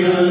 Hallelujah.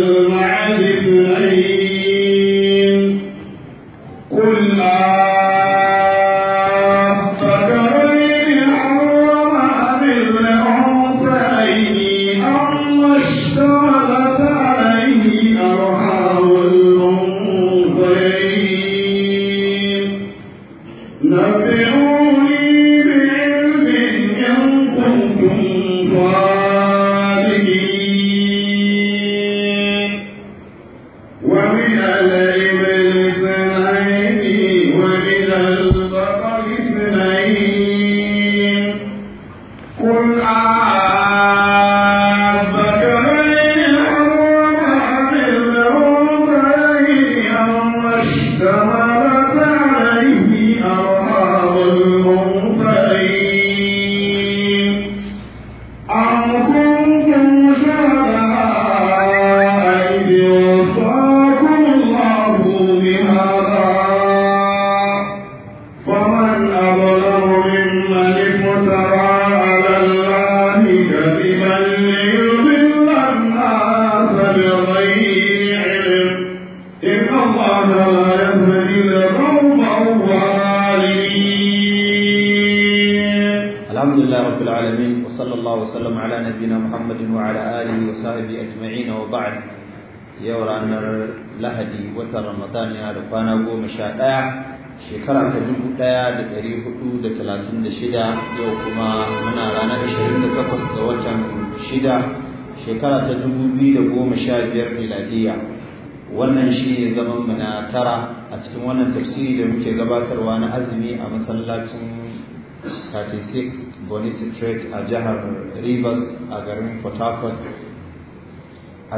district Strait a jihar Rivers a garin Port a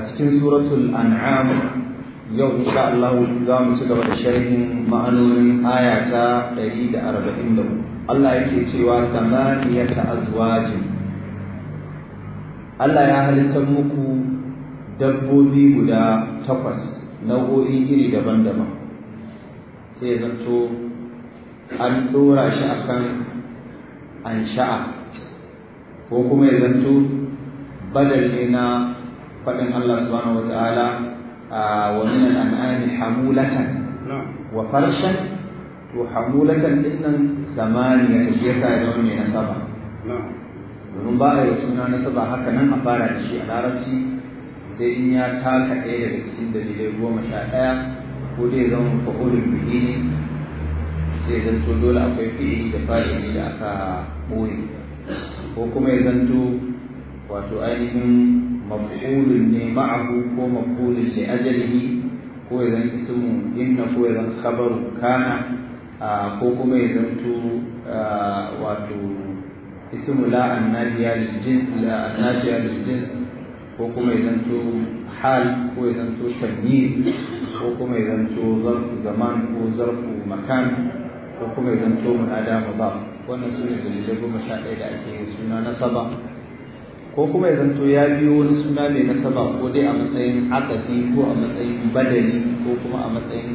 cikin suratul an'am yau insha Allah za mu ci gaba da sharhin ma'anonin aya ta 144 Allah yake cewa tamaniyata azwajin Allah ya halitta muku dabbobi guda takwas nau'o'i iri daban-daban sai zanto an dora shi akan an sha'a ko kuma ya zanto badal ne na faɗin Allah subhanahu wa ta'ala a wani na anami hamulatan wa farshen to hamulatan din nan zamaniya shi yasa ya zama mai nasaba domin ba a yi suna nasaba haka nan a fara da shi a larabci sai in ya taka ɗaya daga cikin dalilai goma sha ɗaya ko dai zama fa'ulul bihi zai zanto dole akwai fi'ili da fa'ili da aka ɓoye ko kuma ya zanto wato ainihin maf'ulun ne ma'ahu ko maf'ulun li ajalihi ko ya zan ismu inna ko ya zan khabaru kana ko kuma ya zanto wato ismu la annabiya lil jins la annabiya lil jins ko kuma ya zanto hal ko ya zanto tamyiz ko kuma ya zanto zarfu zaman ko zarfu makan ko kuma ya zanto dama ba wannan su ne dalilai goma sha ɗaya da ake yin suna na saba ko kuma ya zanto ya biyo wani suna mai na saba ko dai a matsayin akasi ko a matsayin badali ko kuma a matsayin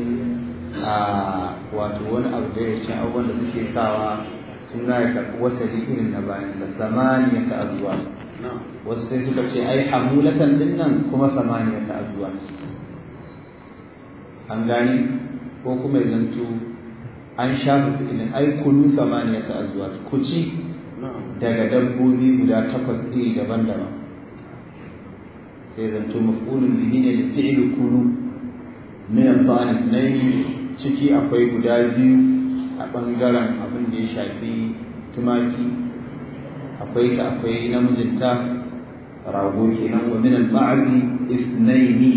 wato wani abu da ya ce abubuwan da suke sawa suna ya karɓi wasa irin na bayan da samaniya ta azuwa wasu sai suka ce ai hamulatan din nan kuma samaniya ta azuwa an gani ko kuma ya zanto an shafa fi'ilin ai kulu samaniya ta azuwa ku ci daga dabbobi guda takwas ɗaya daban-daban sai to maf'ulun da ne da fi'il kulu na al na nayi ciki akwai guda biyu a bangaren abin da ya shafi tumaki akwai ta akwai namijinta rago kenan wa min al-ba'di ithnaini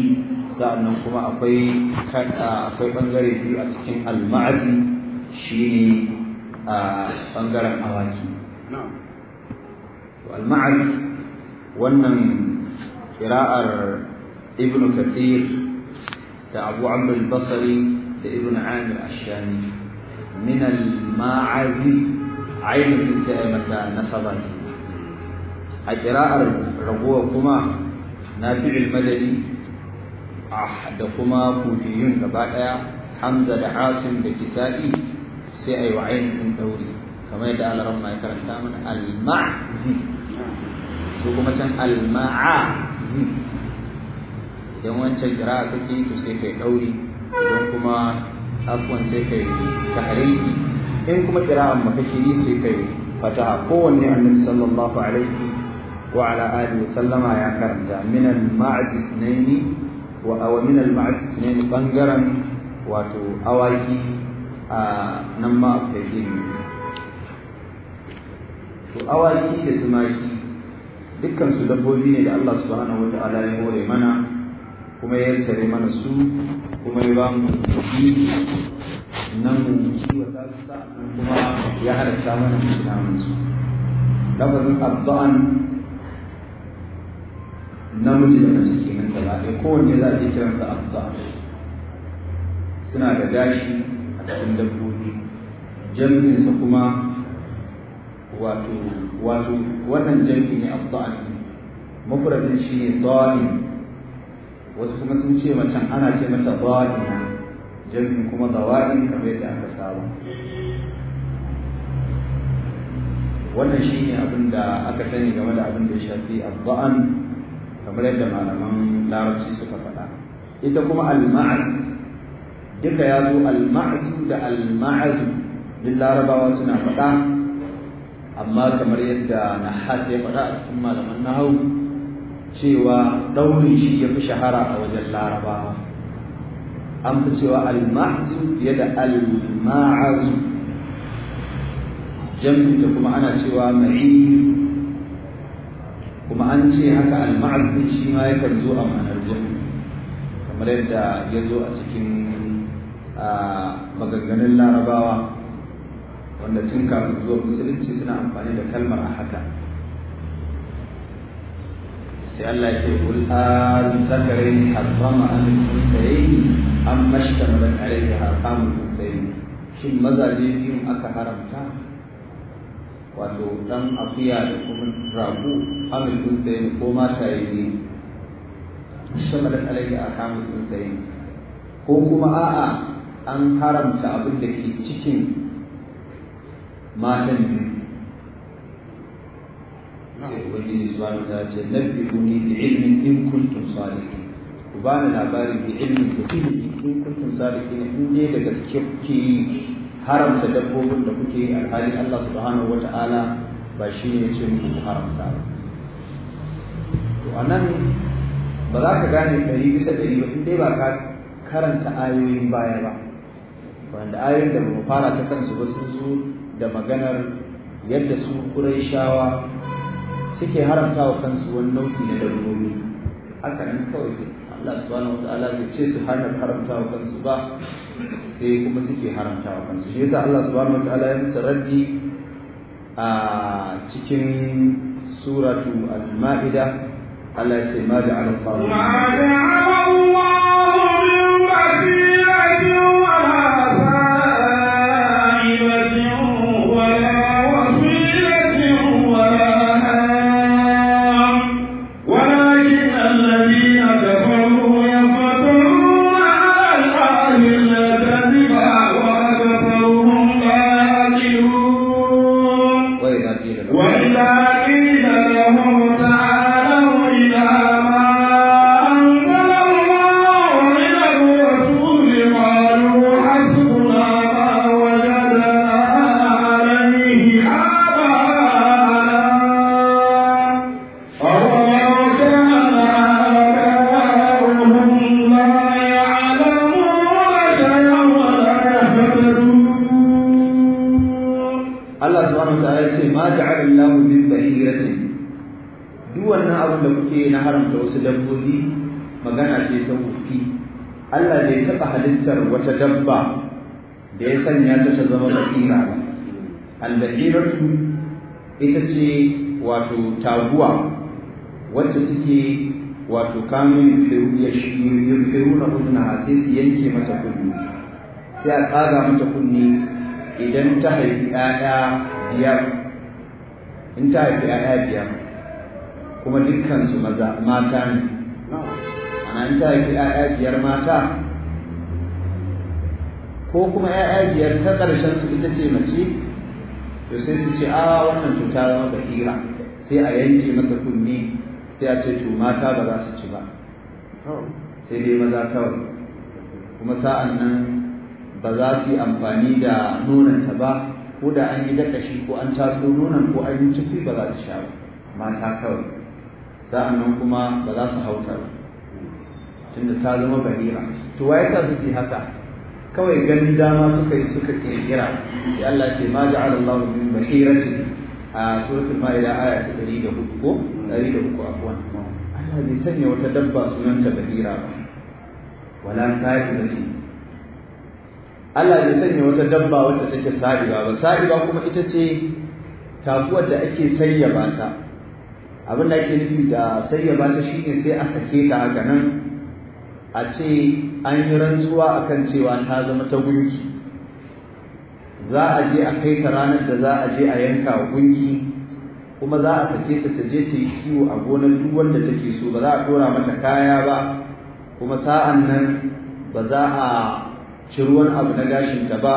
sa'annan kuma akwai akwai bangare biyu a cikin al-ma'di shine a bangaren awaki al-ma'arif wannan kira'ar ibn kathir da abu amr al da ibn amir ash-shami min al-ma'azi ainihin sai mata nasaba a kira'ar ragowa kuma nafi'il madani ah, da kuma kufiyun gaba ɗaya hamza da hasim da kisa'i sai a yi wa ainihin ɗauri kamar yadda alaran ma ya karanta mana al-ma'zi su kuma can al-ma'azi idan wancan kira kake to sai kai ɗauri idan kuma afwan sai kai tahriki in kuma kira'an ma kake yi sai kai fataha kowanne annabi sallallahu alaihi wa ala alihi sallama ya karanta min al-ma'zi ithnaini wa aw min al-ma'zi ithnaini bangaren wato awaki a nan ma akwai to awaki da tumaki dukkan su dabbobi ne da Allah subhanahu wata'ala ya hore mana kuma ya sare mana su kuma ya ba mu nan mu kiwata su sa'an kuma ya halatta mana mu namun su lafazin abda'an namiji da nan kenan gaba ɗaya kowanne za a iya kiransa abda'an suna da gashi cikin dabbobi jami'insa kuma wato wato wannan jami'i ne abdani mafradin shi ne dhalim wasu kuma sun ce macen ana ce mata dhalina jami'in kuma dhawain kamar yadda aka saba wannan shi ne abin da aka sani game da abin da ya shafi abda'an kamar yadda malaman larabci suka faɗa ita kuma al-ma'ad duka ya zo al-ma'zu da al-ma'zu duk larabawa suna faɗa amma kamar yadda na nahas ya faɗa a cikin malaman na hau, cewa ɗaurin shi ya fi shahara a wajen larabawa an fi cewa al-ma'zu fiye da al-ma'azu jam'inta kuma ana cewa mai. kuma an ce haka al-ma'zu shi ma yakan zo a ma'anar jam'i kamar yadda ya zo a cikin maganganun larabawa wanda tun kafin zuwa musulunci suna amfani da kalmar a haka sai Allah ya ce kul an zakarin harama an kuntayi an mashtamalan alaihi haramun kuntayi shin mazaje biyun aka haramta wato dan akuya da kuma rabu amin dun da ko mata yi ne shamalat alayhi ahkamu dun da ko kuma a'a an haramta abin da ke cikin matan biyu sai ubangiji subhanahu ta ce nabbihuni da ilmin in kuntum salihin ku bani labarin da ilmin ku ilmin in kuntum salihin in dai da gaske kuke yi haramta dabbobin da kuke yi alhali Allah subhanahu ta'ala ba shi ne ce muku haramta ba to anan ba za ka gane ɗari bisa ɗari ba in dai ba ka karanta ayoyin baya ba wanda ayoyin da mu fara ta kansu ba sun zo da maganar yadda su Qurayshawa suke haramta wa kansu wani nau'i na dabbobi haka nan kawai sai Allah subhanahu wataala bai ce su hana haramta wa kansu ba sai kuma suke haramta wa kansu shi yasa Allah subhanahu wataala ya musu raddi a cikin suratu al-ma'ida Allah ya ce ma al-qawl ma ja'ala Allahu min ita ce wato taguwa wacce suke wato kanu yurfiru na kunna sai su yanke mata kunni sai a tsaga mata kudu idan ta haifi 'ya'ya biyar in ta haifi 'ya'ya biyar kuma dukkansu mata ne ana in ta haifi 'ya'ya biyar mata ko kuma 'ya'ya biyar ta ƙarshen su ita ce mace to sai su ce a ah, wannan cuta zama bahira sai a yanke mata kunni sai a ce to mata ba za su ci ba sai dai maza kawai kuma sa'an nan ba za su yi amfani da ta ba ko da an yi shi ko an taso nonon ko an yi ciki ba za su sha ba mata kawai sa'an nan kuma ba za su hauta ba tunda ta zama bahira to waye ta su haka kawai ganin dama suka yi suka kirkira sai Allah ce ma ja'ala Allah min bahirati a suratul maida aya ta 104 ko 103 afwan Allah bai sanya wata dabba sunanta bahira ba wala shi? Allah bai sanya wata dabba wacce take sa'iba ba sa'iba kuma ita ce taguwar da ake ba ta abin da ake nufi da ba ta shine sai aka ce ta haka nan a ce an yi rantsuwa a kan cewa ta zama ta gunki za a je a kai ta ranar da za a je a yanka wa gunki kuma za a sake ta ta je ta yi kiwo a gonar duk wanda take so ba za a dora mata kaya ba kuma sa'an nan ba za a ci ruwan abu na gashinta ba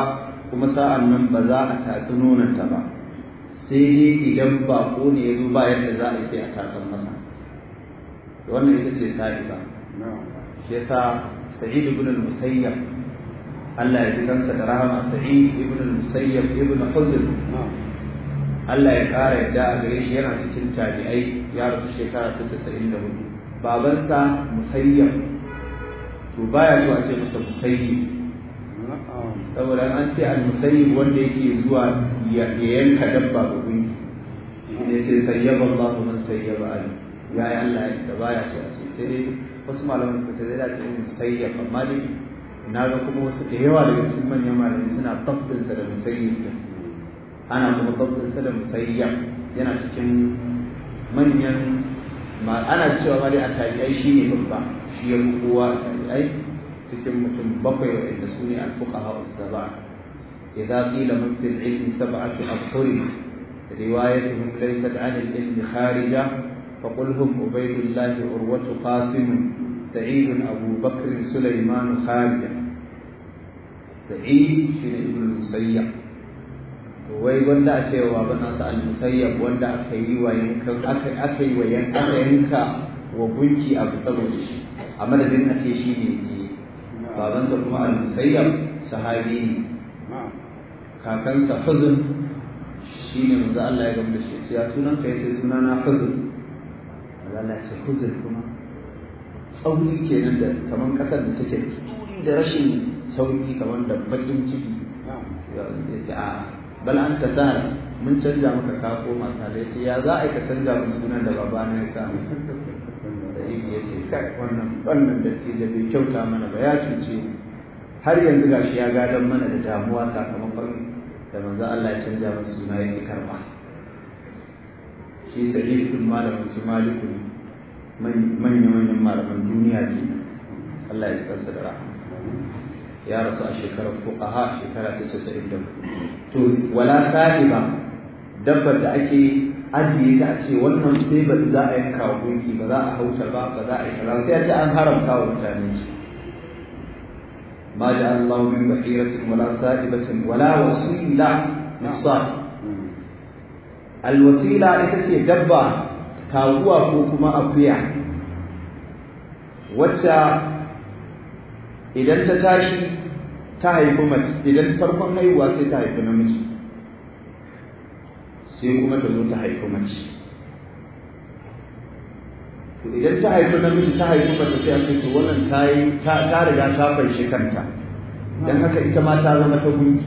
kuma sa'an nan ba za a tatsi nonanta ba sai dai idan ba ko ne ya zo ba yadda za a yi sai a tatsan masa wannan ita ce ba. yasa sa'id ibn al-musayyab Allah ya ji kansa da rahama sa'id ibn al-musayyab ibn fazl Allah ya ƙara yadda a gare shi yana cikin tabi'ai ya rasu shekara ta 94 babansa musayyab to baya so a ce masa musayyib saboda an ce al-musayyib wanda yake zuwa ya yanka dabba ga gunki ne ce sayyaba Allah man sayyaba ali ya yi Allah ya baya so a ce sai wasu malamai suka ce zai dace yin musayyafa maliki na ga kuma wasu da yawa daga cikin manyan malamai suna tabbatinsa da musayyaf ana kuma tabbatinsa da musayyaf yana cikin manyan ana cewa ma dai a tabi'ai shi ne babba shi ya kowa a tabi'ai cikin mutum bakwai waɗanda su ne alfuqaha usaba idza qila man fil ilmi sab'atu abhur riwayatuhum laysat 'an al-ilmi kharija فقل هم عبيد الله عروة قاسم سعيد أبو بكر سليمان خالد سعيد شين ابن المسيب wai wanda a cewa ba nasa al wanda aka yi wa yankan aka wa yankan aka yanka wa gunki abu saboda a madadin a ce shi ne ji babansa kuma al-musayyab kakansa shi ne Allah ya shi ya sunan ka sunana Allah ya ce kuma tsauri kenan da kamar kasar da take da da rashin sauki kamar da bakin ciki ya ce a bal an tasara mun canza maka ka koma da ce ya za a ka canza mu sunan da babana ya samu sai ya ce kai wannan wannan da ce da bai kyauta mana ba ya cuce har yanzu gashi ya gadon mana da damuwa sakamakon da manzo Allah ya canja masa suna yake karba shi sahih kun malamin su malikun manya-manyan malaman duniya ce Allah ya ji kansa da rahama ya rasu a shekarar fuqaha shekara ta 94 to wala sahiba dabbar da ake ajiye ta a ce wannan sai ba za a yanka wa gunki ba za a hauta ba ba za a yi kaza sai a ce an haramta wa mutane shi ma da Allah min bahiratin wala sahibatin wala wasila misal hmm. alwasila ita ce dabba Kaguwa ko kuma akuya wacce idan ta tashi ta haifi mace idan farkon haihuwa sai ta haifi namiji sai kuma ta zo ta haifi mace to idan ta haifi namiji ta haifi mace sai an ce wannan ta yi ta riga ta farshe kanta idan haka ita ma ta zama ta gunki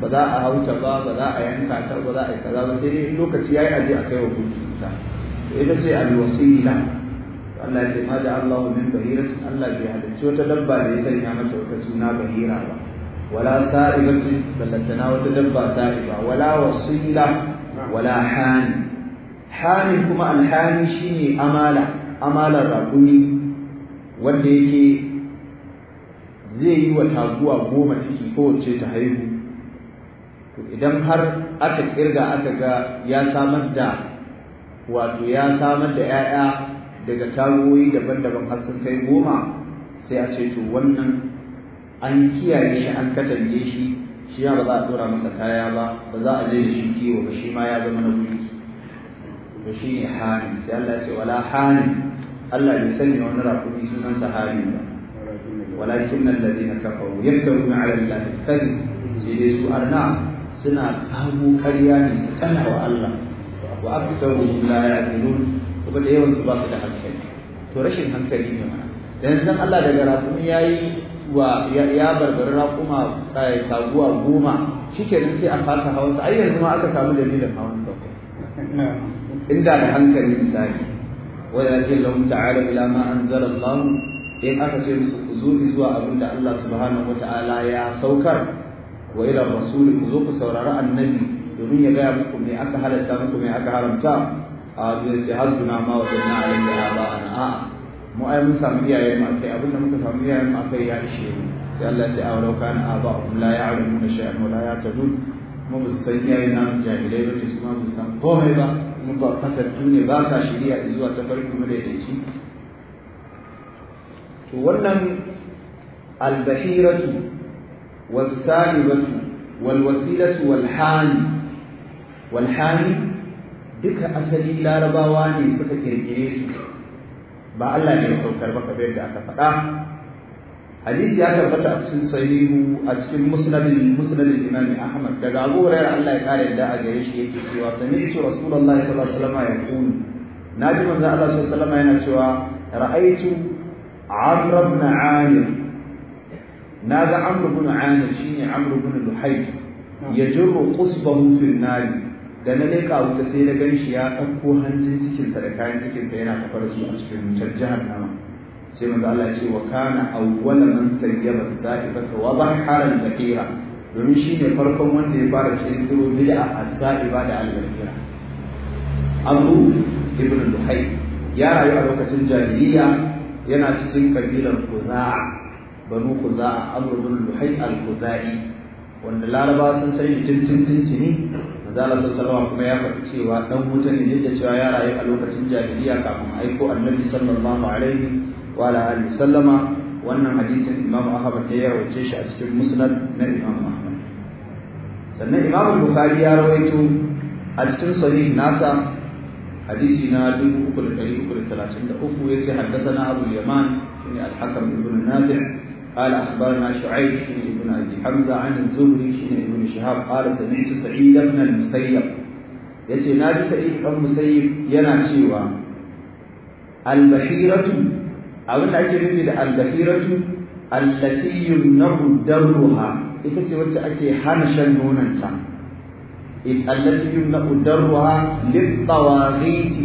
ba za a hauta ba ba za a yanka ta ba za a yi kaza ba sai dai lokaci yi aje a kai wa gunki ita ce alwasila Allah ya ce ma da Allah min bahiratin Allah bai halicci wata dabba da ya sanya mata wata suna bahira ba wala sa'ibatin ballantana wata dabba sa'iba wala wasila wala hani hani kuma alhani shine amala amalar raƙumi wanda yake zai yi wa taguwa goma ciki kowace ta haihu to idan har aka kirga aka ga ya samar da wato ya samar da 'ya'ya daga taruwoyi daban-daban har sun kai goma sai a ce to wannan an kiyaye shi an katange shi shi ya ba za a dora masa kaya ba ba za a je da shi kiwo ba shi ma ya zama na mulki Ba shi ne hanin sai Allah ya ce wala hanin Allah bai sanya wani rakumi sunansa hanin ba walakin alladhina kafaru yaftaruna ala allahi kadhib sai dai su arna suna kamo karya ne su kana wa Allah wa aktsaruhum la ya'qilun kuma da yawan su ba su da hankali to rashin hankali ne ma dan nan Allah daga rakumi yayi wa ya barbari rakuma eh, taguwa goma ne sai a hawan sa. ai yanzu ma aka samu dalilin hawansa inda da hankali misali wa yaqul lahum ta'ala ila ma anzala Allah in aka ce musu ku zo zuwa abin da Allah subhanahu ta'ala ya saukar wa ila rasul ku zo ku saurari annabi domin ya gaya muku me aka halatta muku me aka haramta a zai ce ma ba mu ai mun samu iyaye mu akai abin da muka samu iyaye mu akai ya ishe mu sai Allah ya ce a walau kana la shay'an mu ba san iyaye na su jahilai ba su ma ba san komai ba mu ba ba sa shiriya zuwa ta farkin madaidaici to wannan albahiratu والثالبة wal والحال walhali duka asali larabawa ne suka kirkire su ba Allah ne ya saukar ba kamar yadda aka faɗa hadisi ya tabbata a cikin sahihu a cikin musnadin musnadin imam ahmad daga abu hurairah Allah ya kare da a gare shi yake cewa sami'tu rasulullahi sallallahu alaihi wasallam yaqulu naji manzo Allah sallallahu alaihi wasallam yana cewa ra'aitu amr ibn amir naga amr ibn amir shine amr ibn luhay yajru qusbahu fil nar da na leƙa wuta sai na gan shi ya ɗauko hanjin cikinsa da kayan cikinsa yana kafar su a cikin wutar nama, sai manzo Allah ya ce wa kana awwala man tayyaba sa'ibata wa bahara al-bahira domin shine farkon wanda ya fara kirkiro bid'a as-sa'iba da al-bahira Abu ibn ya rayu a lokacin jahiliya yana cikin kabilar Khuza'a banu Khuza'a Amr ibn Luhay al kuzai wanda Laraba sun sani cin cin tun zala sallallahu kuma ya faɗi cewa dan wuta ne duk cewa ya rayu a lokacin jahiliya kafin aiko annabi sallallahu alaihi wa ala alihi sallama wannan hadisin imam ahmad ne ya rawace shi a cikin musnad na imam ahmad sannan imam bukhari ya rawaito a cikin sahih nasa hadisi na dubu uku uku uku da da da talatin ya 3333 yace haddathana abu yaman shine al-hakam ibn nafi' قال اخبرنا shi بن بن أبي حمزة عن الزهري حين ابن شهاب قال سمعت سعيد بن المسيب يتي ناجي سعيد بن المسيب ينا شيوا البحيرة أو نأتي من البحيرة التي يمنع درها يتي وتي أكي حنشا نونتا التي يمنع درها للطواغيت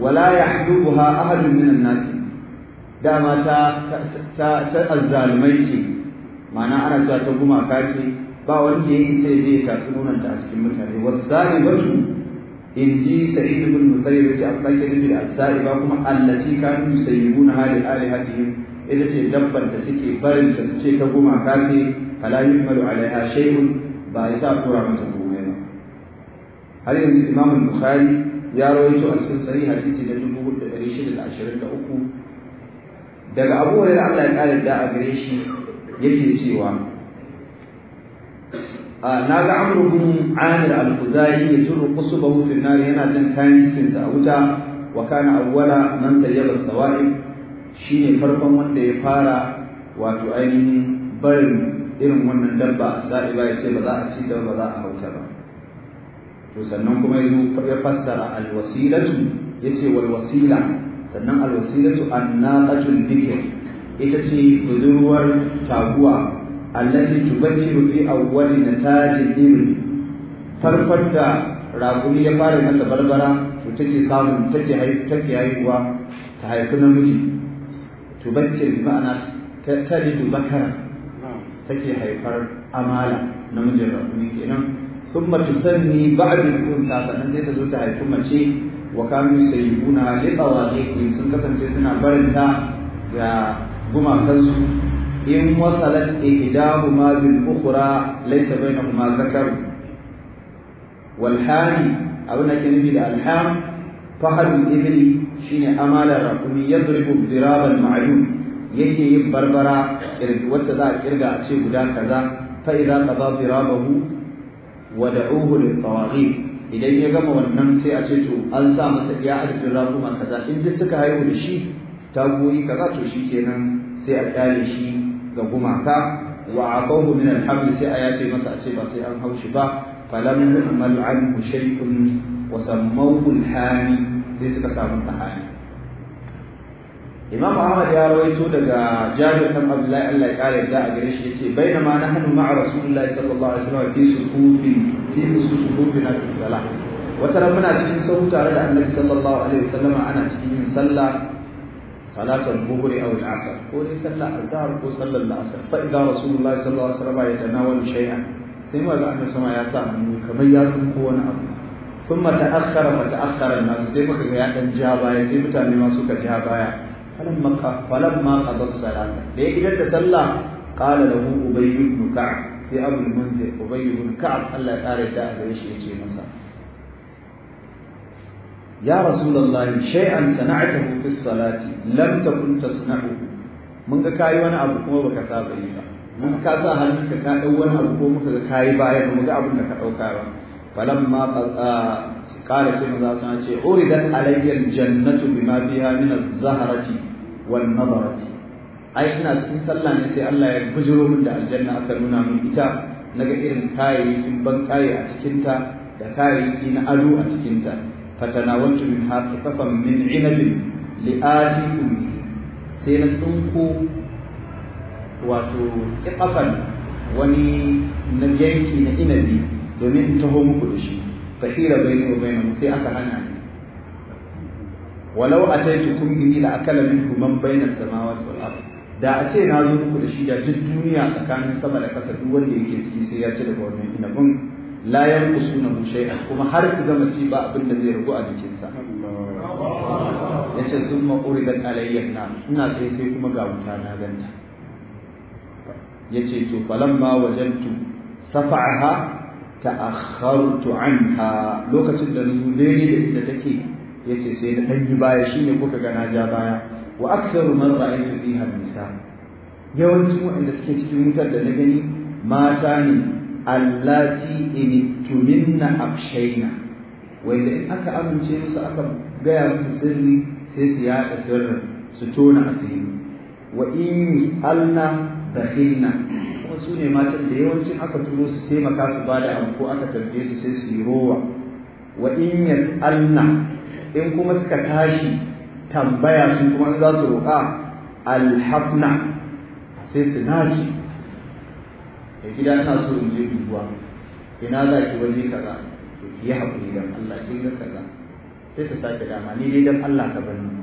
ولا يحجبها أحد من الناس دام تا تا تا, تا الظالمين ma'ana ana cewa ta gumaka ce ba wanda ya sai ya je ya tasu nonanta a cikin mutane ba su in ji sa'id ibn musayyib ce a tsake nufi da asari ba kuma allati kanu yusayyibuna hali alihatihim ita ce dabbar da suke barin ta su ce ta gumaka ce fala yuhmalu alaiha shay'un ba ya sa tura mata komai ba har yanzu imamu bukhari ya rawaito a cikin sahih hadisi da uku, daga abu wanda Allah ya kare da a gare shi yake cewa na ga amru bin amir al-khuzai ya turu qusubahu fi nar yana jin kayan cikin sa a wuta wa kana awwala man sayyaba sawa'ib shine farkon wanda ya fara wato ainihin barin irin wannan dabba sa'iba ya ce ba za a ci ta ba za a hauta ba to sannan kuma ya fassara al-wasilatu yace wal wasila sannan al-wasilatu an-naqatu al-dhikr ita ce budurwar taguwa allati tubakkiru fi awwali natajin ibn farkon da raguni ya fara mata barbara to take samun take take haihuwa ta haifi namiji tubakkir bi ma'ana taridu bakara take haifar amala namijin raguni kenan ثم تسمي بعد ta sannan sai ta zo ta haifi mace wa kanu sayyibuna li ne sun kasance suna barinta ga gumakansu in wasalat ihdahuma bil ukhra laysa bainahuma zakar wal hami abin da ke nufi da alham fahadul ibli shine amalar rakumi yadribu diraban ma'lum yake yin barbara wacce za a kirga a ce guda kaza fa idza qada dirabahu wa lil idan ya gama wannan sai a ce to an sa masa iya adadin kaza in duk suka haihu da shi tagoyi kaza to kenan sai a kyale shi ga gumaka wa aqahu min al habl sai a yafe masa a ce ba sai an haushi ba falam yu'mal an shay'un wa sammawhu al hami sai suka samu sahani Imam Ahmad ya rawaito daga Jabir bin Abdullah Allah ya kare da a gare shi yace bainama nahnu ma'a Rasulullahi sallallahu alaihi wasallam fi sufufin fi sufufin as-salah wata ran muna cikin sahu tare da Annabi sallallahu alaihi wasallam ana cikin sallah salatar buhuri a wul'asar ko dai sallah a zahar ko sallar la'asar fa idan rasulullahi sallallahu alaihi wasallam ya tanawal shay'an sai ma ga annabi sama ya sa hannu kamar ya san wani abu sun mata akkara mata akkara na sai muka ga ya dan baya sai mutane ma suka ja baya falam maka falam ma qada salata da ya gidan da sallah qala lahu ubayyu ibn ka'b sai abu munzir ubayyu ibn ka'b Allah ya kare da shi ya ce masa ya rasulullahi shay'an sana'atahu fi salati lam takun tasna'u mun ga kai wani abu kuma baka saba yi ba mun ka hannunka ka wani abu ko muka ga kai baya ba, mu ga abun da ka ɗauka ba falamma qala sai maza sun ce uridat alayya aljannatu bima fiha min az-zahrati ai ina cikin sallah ne sai Allah ya bujiro min da aljanna aka nuna min ita naga irin kayayyakin ban kaye a cikinta da kayayyaki na ado a cikinta فتناولت منها قطفا من عنب لآتيكم سين سنكو واتو قطفا وني نبيانكي نعنبي domin taho muku da shi kafira bai ne bai mu sai aka hana ni walau ataitukum inni da akala minkum man bayna samawati wal ard da a ce na zo muku shi da duk duniya tsakanin sama da kasa duk wanda yake ciki sai ya ci daga wannan inabin la yanqusuna shay'a kuma har su gama ci ba abin da zai ragu a jikinsa yace summa da alayya na ina kai sai kuma ga wuta na ganta yace to ta wajantu safa'aha ta'akhartu anha lokacin da nan ne da take yace sai da dangi baya shine kuka ga na ja baya wa aktsaru man ra'aytu fiha nisa yawancin waɗanda suke cikin wutar da na gani mata ne allati in abshaina wanda in aka amince musu aka gaya musu sirri sai su yaɗa sirrin su tona asiri wa in alna dakhilna kuma su ne matan da yawancin aka turo su taimaka su ba da abu ko aka tarbe su sai su yi rowa wa in yas'alna in kuma suka tashi tambaya su kuma za su roƙa alhafna sai su naci da gida ta so in je duguwa. ina za ki waje kaza to ki yi haƙuri dan Allah ki ga kaza sai ta sake dama ni dai dan Allah ka bar ni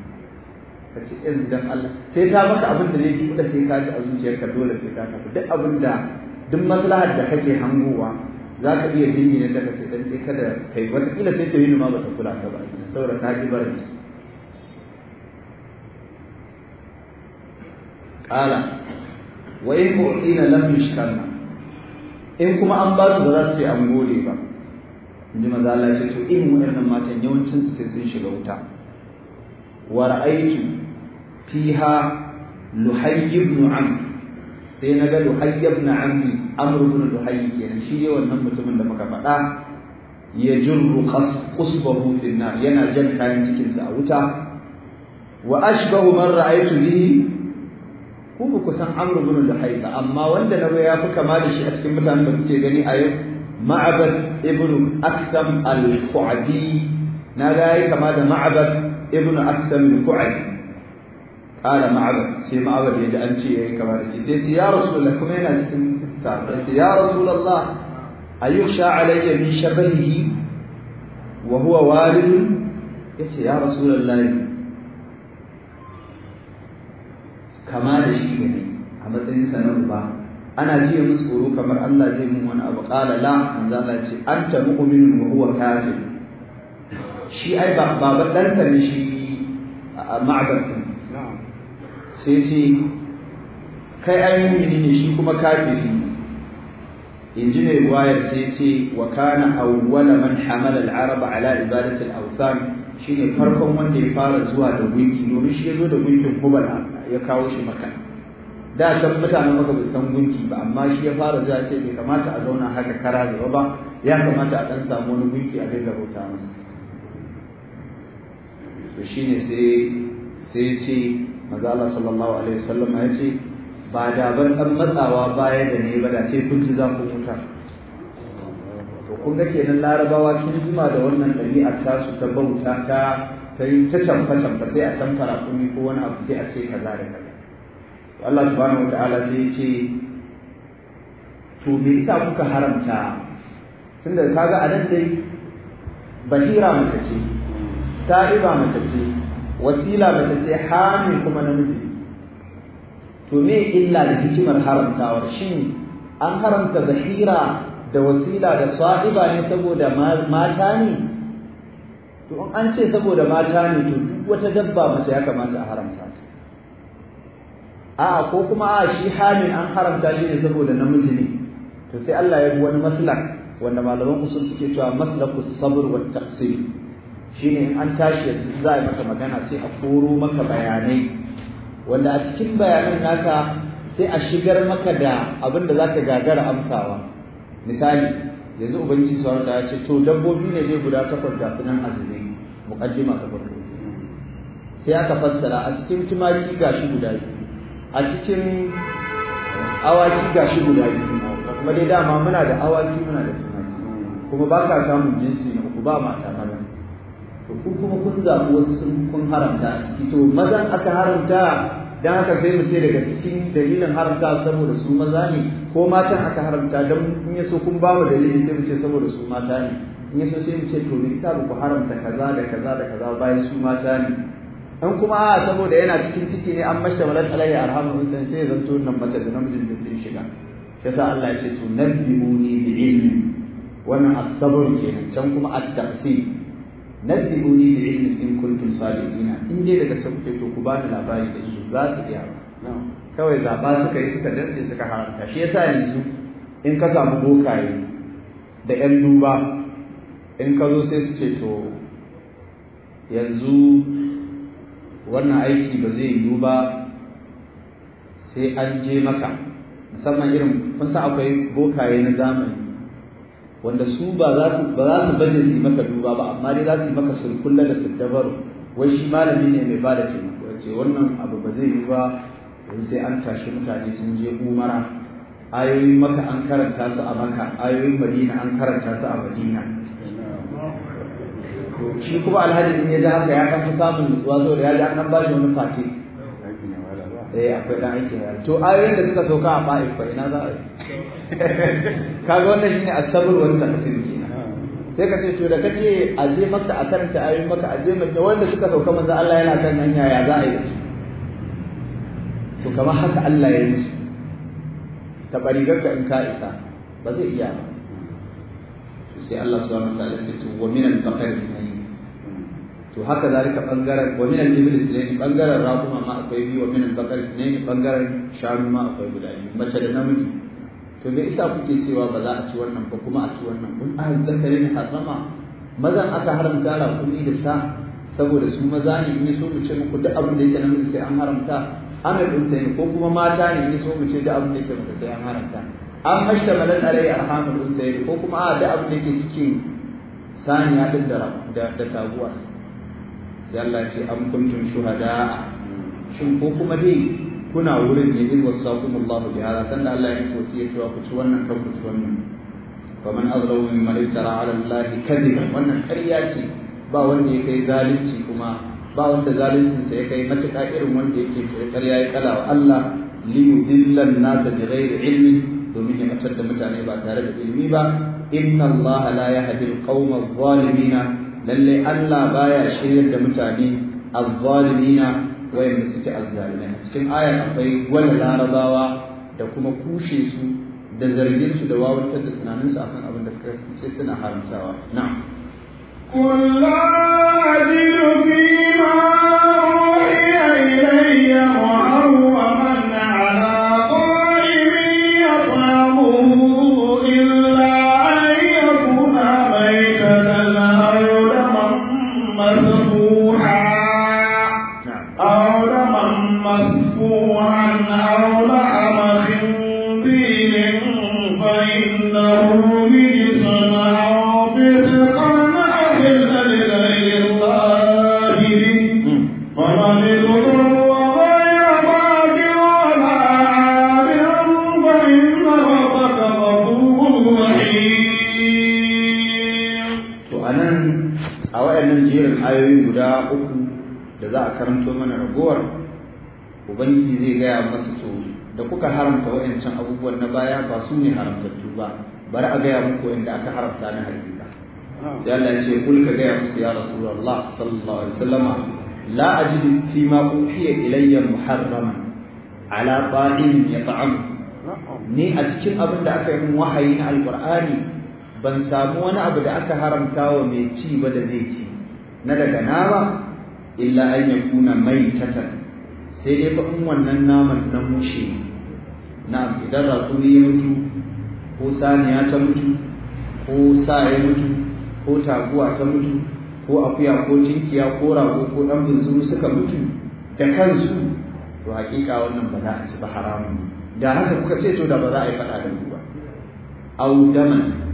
ka ce in dan Allah sai ta maka abin da zai kuɗa sai ka ji a zuciyarka dole sai ka tafi duk abin da duk maslahar da kake hangowa za ka iya ne daga sai dan dai kada kai wataƙila sai ta yi ma ba ta kula ka ba saboda ta ji barin قال وإن أعطينا لم يشكرنا in kuma an ba su ba za su ce an gode ba ji maza Allah ce to irin waɗannan matan yawancin su sai sun shiga wuta wa ra'aytu fiha luhayy ibn am sai na ga luhayy ibn amri amr ibn luhayy kenan shi ne wannan mutumin da muka faɗa ya jirru qasbahu fil nar yana jan kayan cikin sa a wuta wa ashbahu man ra'aytu bihi ku ba ku san amru bin luhai amma wanda na ya fi kama da shi a cikin mutanen da kuke gani a yau ma'abad ibn aksam al-ku'adi na ga yayi kama da ma'abad ibn aksam al-ku'adi qala ma'abad sai ma'abad ya ji an ce yayi kama da shi sai ce ya rasulullah kuma yana cikin sahabbai ya rasulullah ayusha alayya min shabahihi wa huwa walid yace ya rasulullah kama da shi ne a matsayin sa na uba ana ji mun tsoro kamar Allah zai mun wani abu qala la manzo Allah ce anta mu'minun wa huwa kafir shi ai ba baban dan sa ne shi ma'bad sai ce kai ai mu'mini ne shi kuma kafiri inji ne ruwayar sai ce wa kana awwala man hamala al-arab ala ibadati al-awthan shine farkon wanda ya fara zuwa da gunki domin shi ya zo da gunkin kubala ya kawo shi maka da can mutane maka bai san gunki ba amma shi ya fara zai ce bai kamata a zauna haka kara gaba ba ya kamata a ɗan samu wani gunki a dinga bauta masa to shine sai sai ce maza Allah sallallahu alaihi wasallam ya ce ba da ban dan matsawa baya da ne ba da sai kun ji za ku mutar to kun ga kenan larabawa sun jima da wannan a tasu ta bauta ta ta yi ta canfa canfa sai a camfa raƙumi ko wani abu sai a ce kaza da kaza Allah subhanahu wataala sai ya ce to me yasa kuka haramta tunda kaga a nan dai bahira mace ce ta'iba mace ce wasila mace ce hami kuma namiji to me illa da hikimar haramtawar shin an haramta bahira da wasila da sa'iba ne saboda mata ne to in an ce saboda mata ne to duk wata dabba mace ya kamata a haramta ta a ko kuma a shi hamin an haramta shi ne saboda namiji ne to sai Allah ya bi wani maslak wanda malaman usul suke cewa maslaku sabr wa taqsir shine in an tashi yanzu za a yi maka magana sai a koro maka bayanai wanda a cikin bayanan naka sai a shigar maka da abin da zaka gagara amsawa misali yanzu ubangiji sauran ta ce to dabbobi ne zai guda takwas ga sunan azumi muqaddima ta farko sai aka fassara a cikin tumaki gashi guda biyu a cikin awaki gashi guda biyu kuma dai dama muna da awaki muna da tumaki kuma ba ka samun jinsi na uku ba mata maza to kun kuma kun zaɓi wasu sun kun haramta to mazan aka haramta dan haka sai mu ce daga cikin dalilin haramta saboda su maza ne ko matan aka haramta dan in yaso kun ba mu dalili sai mu ce saboda su mata ne in yaso sai mu ce to me yasa ku haramta kaza da kaza da kaza bayan su mata ne in kuma a saboda yana cikin ciki ne an mashta walad alaihi arhamun san sai zan zanto nan mace da namijin da sun shiga yasa Allah ya ce to nabbihuni bi ilmi wannan as-sabr kenan can kuma at-taqsir nabbihuni bi ilmi in kuntum ina, in dai daga can kuke to ku ba ni labari da ilmi za su iya kawai zaba suka yi suka dace suka haramta shi yasa yanzu in ka samu bokaye da 'yan duba in ka zo sai su ce to yanzu wannan aiki ba zai yiwu ba sai an je maka musamman irin kun san akwai bokaye na zamani wanda su ba za su ba za su baje su maka duba ba amma dai za su maka sulkulla da suddabaru wai shi malami ne mai bada taimako ya ce wannan abu ba zai yiwu ba yanzu sai an tashi mutane sun je umara ayoyin maka an karanta su a maka ayoyin madina an karanta su a madina shi kuma alhaji in ya ji haka ya kafa samun nutsuwa da ya ji an ba shi wani fati eh akwai dan aiki ne to ayoyin da suka sauka a ba'if fa ina za a yi kaga wannan shine asabul wa tafsir kina sai ka ce to da kace a je maka a karanta ayoyin maka a je maka wanda suka sauka manzo Allah yana kan hanya ya za a yi to kamar haka Allah ya yi ta barigarka in ka isa ba zai iya ba sai Allah subhanahu wa ta'ala ya ce to wa minal baqari to haka zalika bangaren wa minan al-ibil ithnain bangaren raquma ma akwai biyu wa minan bakar ne bangaren shanu ma akwai guda biyu mace da namiji to me isa kuke cewa ba za a ci wannan ba kuma a ci wannan Mun a an ne hazama mazan aka haramta raƙumi da sa saboda su maza ne in so mu ce muku duk abin da yake namiji sai an haramta dun sai ko kuma mata ne in so mu ce duk abin da yake mace sai an haramta an mashtamal alai arhamul untayin ko kuma a da abin da yake cikin saniya din da da taguwa sai Allah ce am kuntum shuhada shin ko kuma dai kuna wurin ne in wasakum Allah bi hada sanda Allah ya ko sai cewa ku ci wannan kan ku ci wannan faman azlamu mimman iftara ala Allah kadiban wannan ƙarya ce ba wanda ya kai zalunci kuma ba wanda zaluncinsa ya kai matuƙa irin wanda yake ƙarya ya kala wa Allah liyudillan nasa bi ghairi ilmi domin ya matar da mutane ba tare da ilimi ba inna Allah la yahdi al-qawma adh-dhalimina lallai Allah baya shiryar da mutane azzalimina wayanda suke azzalimai cikin ayar akwai wani larabawa da kuma kushe su da zargin su da wawantar da tunanin su akan abin da suka kasance suna haramtawa na'am wa nan a wayannan jerin ayoyi guda uku da za a karanto mana ragowar ubangiji zai gaya masa to da kuka haramta wayancan abubuwan na baya ba su ne haramtattu ba bari a gaya muku inda aka haramta na ba sai Allah ya ce kul gaya musu ya rasulullah sallallahu alaihi wasallama la ajidu fi ma uhiya ilayya muharrama ala ta'im yata'am ni a cikin abin da aka yi wahayi na alqur'ani ban samu wani abu da aka haramta wa mai ci ba da zai ci na daga nama illa an ya kuna mai tatan sai dai ba in wannan naman na mushe na idan rakumi ya mutu ko saniya ta mutu ko sa ya mutu ko taguwa ta mutu ko akuya ko tinkiya ko rago ko dan bunzuru suka mutu da kansu to hakika wannan ba za a ci ba haramun da haka kuka ce to da ba za a yi fada da mu ba au daman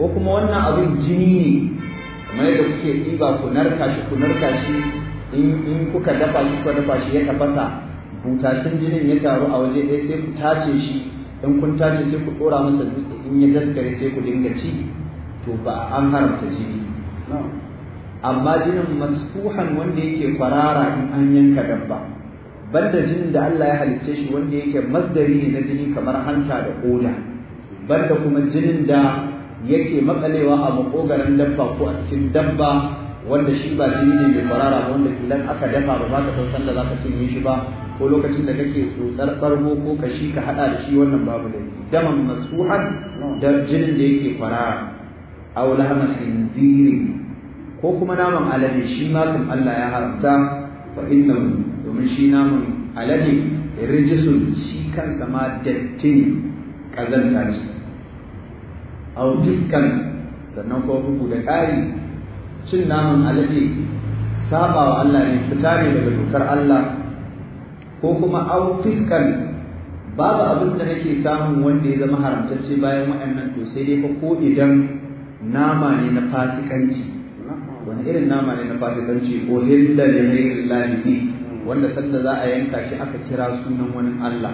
ko kuma wannan abin jini ne kamar yadda kuke ɗiba ku narka shi ku narka shi in kuka dafa shi kuka dafa shi ya tafasa butacin jinin ya taru a waje ɗaya sai ku tace shi in kun tace sai ku ɗora masa dutse in ya daskare sai ku dinga ci to ba an haramta jini amma jinin masfuhan wanda yake kwarara in an yanka dabba banda jinin da Allah ya halicce shi wanda yake masdari ne na jini kamar hanta da koda banda kuma jinin da yake makalewa a makogaran dabba ko a cikin dabba wanda shi ba jini ne mai kwarara ba wanda idan aka dafa ba za ka san sanda za ka cinye shi ba ko lokacin da kake tsotsar bargo ko kashi ka hada da shi wannan babu da daman masuhan da jinin da yake kwarara aw lahama ko kuma naman alade shi ma Allah ya haramta fa innahu domin shi naman alade rijisun shi kansa ma dattin kazanta ce aw dukkan sannan ko bugu da ƙari cin naman alade saba wa Allah ne fitare daga dokar Allah ko kuma aw babu abin da nake samun wanda ya zama haramtacce bayan waɗannan to sai dai fa ko idan nama ne na fasikanci wani irin nama ne na fasikanci ko hilda da ghairin ne wanda sanda za a yanka shi aka kira sunan wani Allah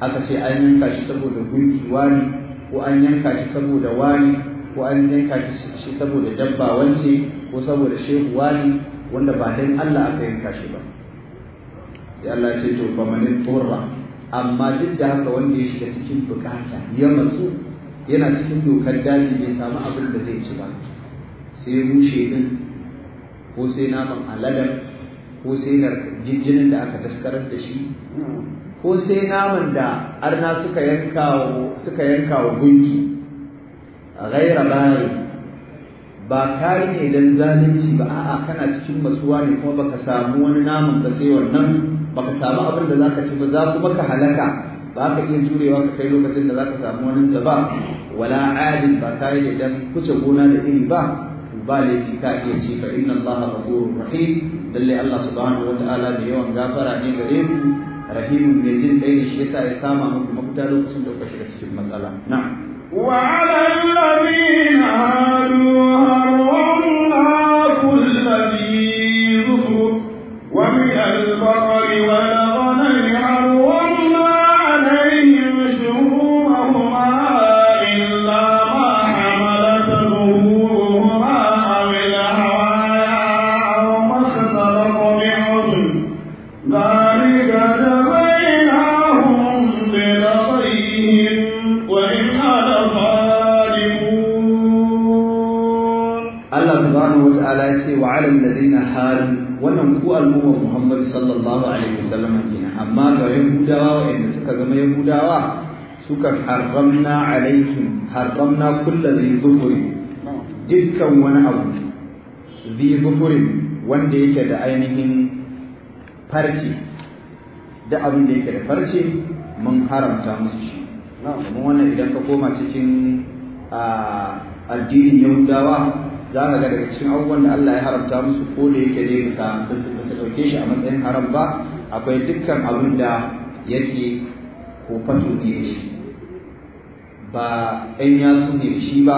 aka ce an yanka shi saboda gunkiwa ne. ko an yanka shi saboda wani ko an yanka shi saboda dabba wance ko saboda shehu wani wanda ba dan Allah aka yanka shi ba sai Allah ce to ba man turra amma duk da haka wanda ya shiga cikin bukata ya matsu yana cikin dokar daji bai samu abin da zai ci ba sai bushe din ko sai naman aladan ko sai jijjinin da aka taskarar da shi ko sai naman da arna suka yanka suka yanka wa gunki ghaira bari ba kai ne dan zalunci ba a'a kana cikin masuwa ne kuma baka samu wani naman ba sai wannan baka samu abin da zaka ci ba za kuma ka halaka ba ka iya jurewa ka kai lokacin da zaka samu wani ba wala adil ba kai ne dan kuce gona da iri ba ne fi ka iya ci fa inna allaha ghafurur rahim dalle allah subhanahu wataala mai yawan gafara ne gare mu Rahimu mai jin ɗaya shi yasa ya sama muku mafita lokacin da kuka shiga cikin matsala Na. wa 'ala alladhina hadu sallallahu alaihi wasallam kina amma ga gudawa wanda suka zama gudawa suka haramna alaikum haramna kullu dhi dukkan wani abu bi dhufri wanda yake da ainihin farce da abin da yake da farce mun haramta musu shi kuma wannan idan ka koma cikin addinin yahudawa za ka ga daga cikin abubuwan da Allah ya haramta musu ko da yake dai musa ɗauke shi a matsayin haram ba akwai dukkan abin da yake fato ne da shi ba ɗan su ne da shi ba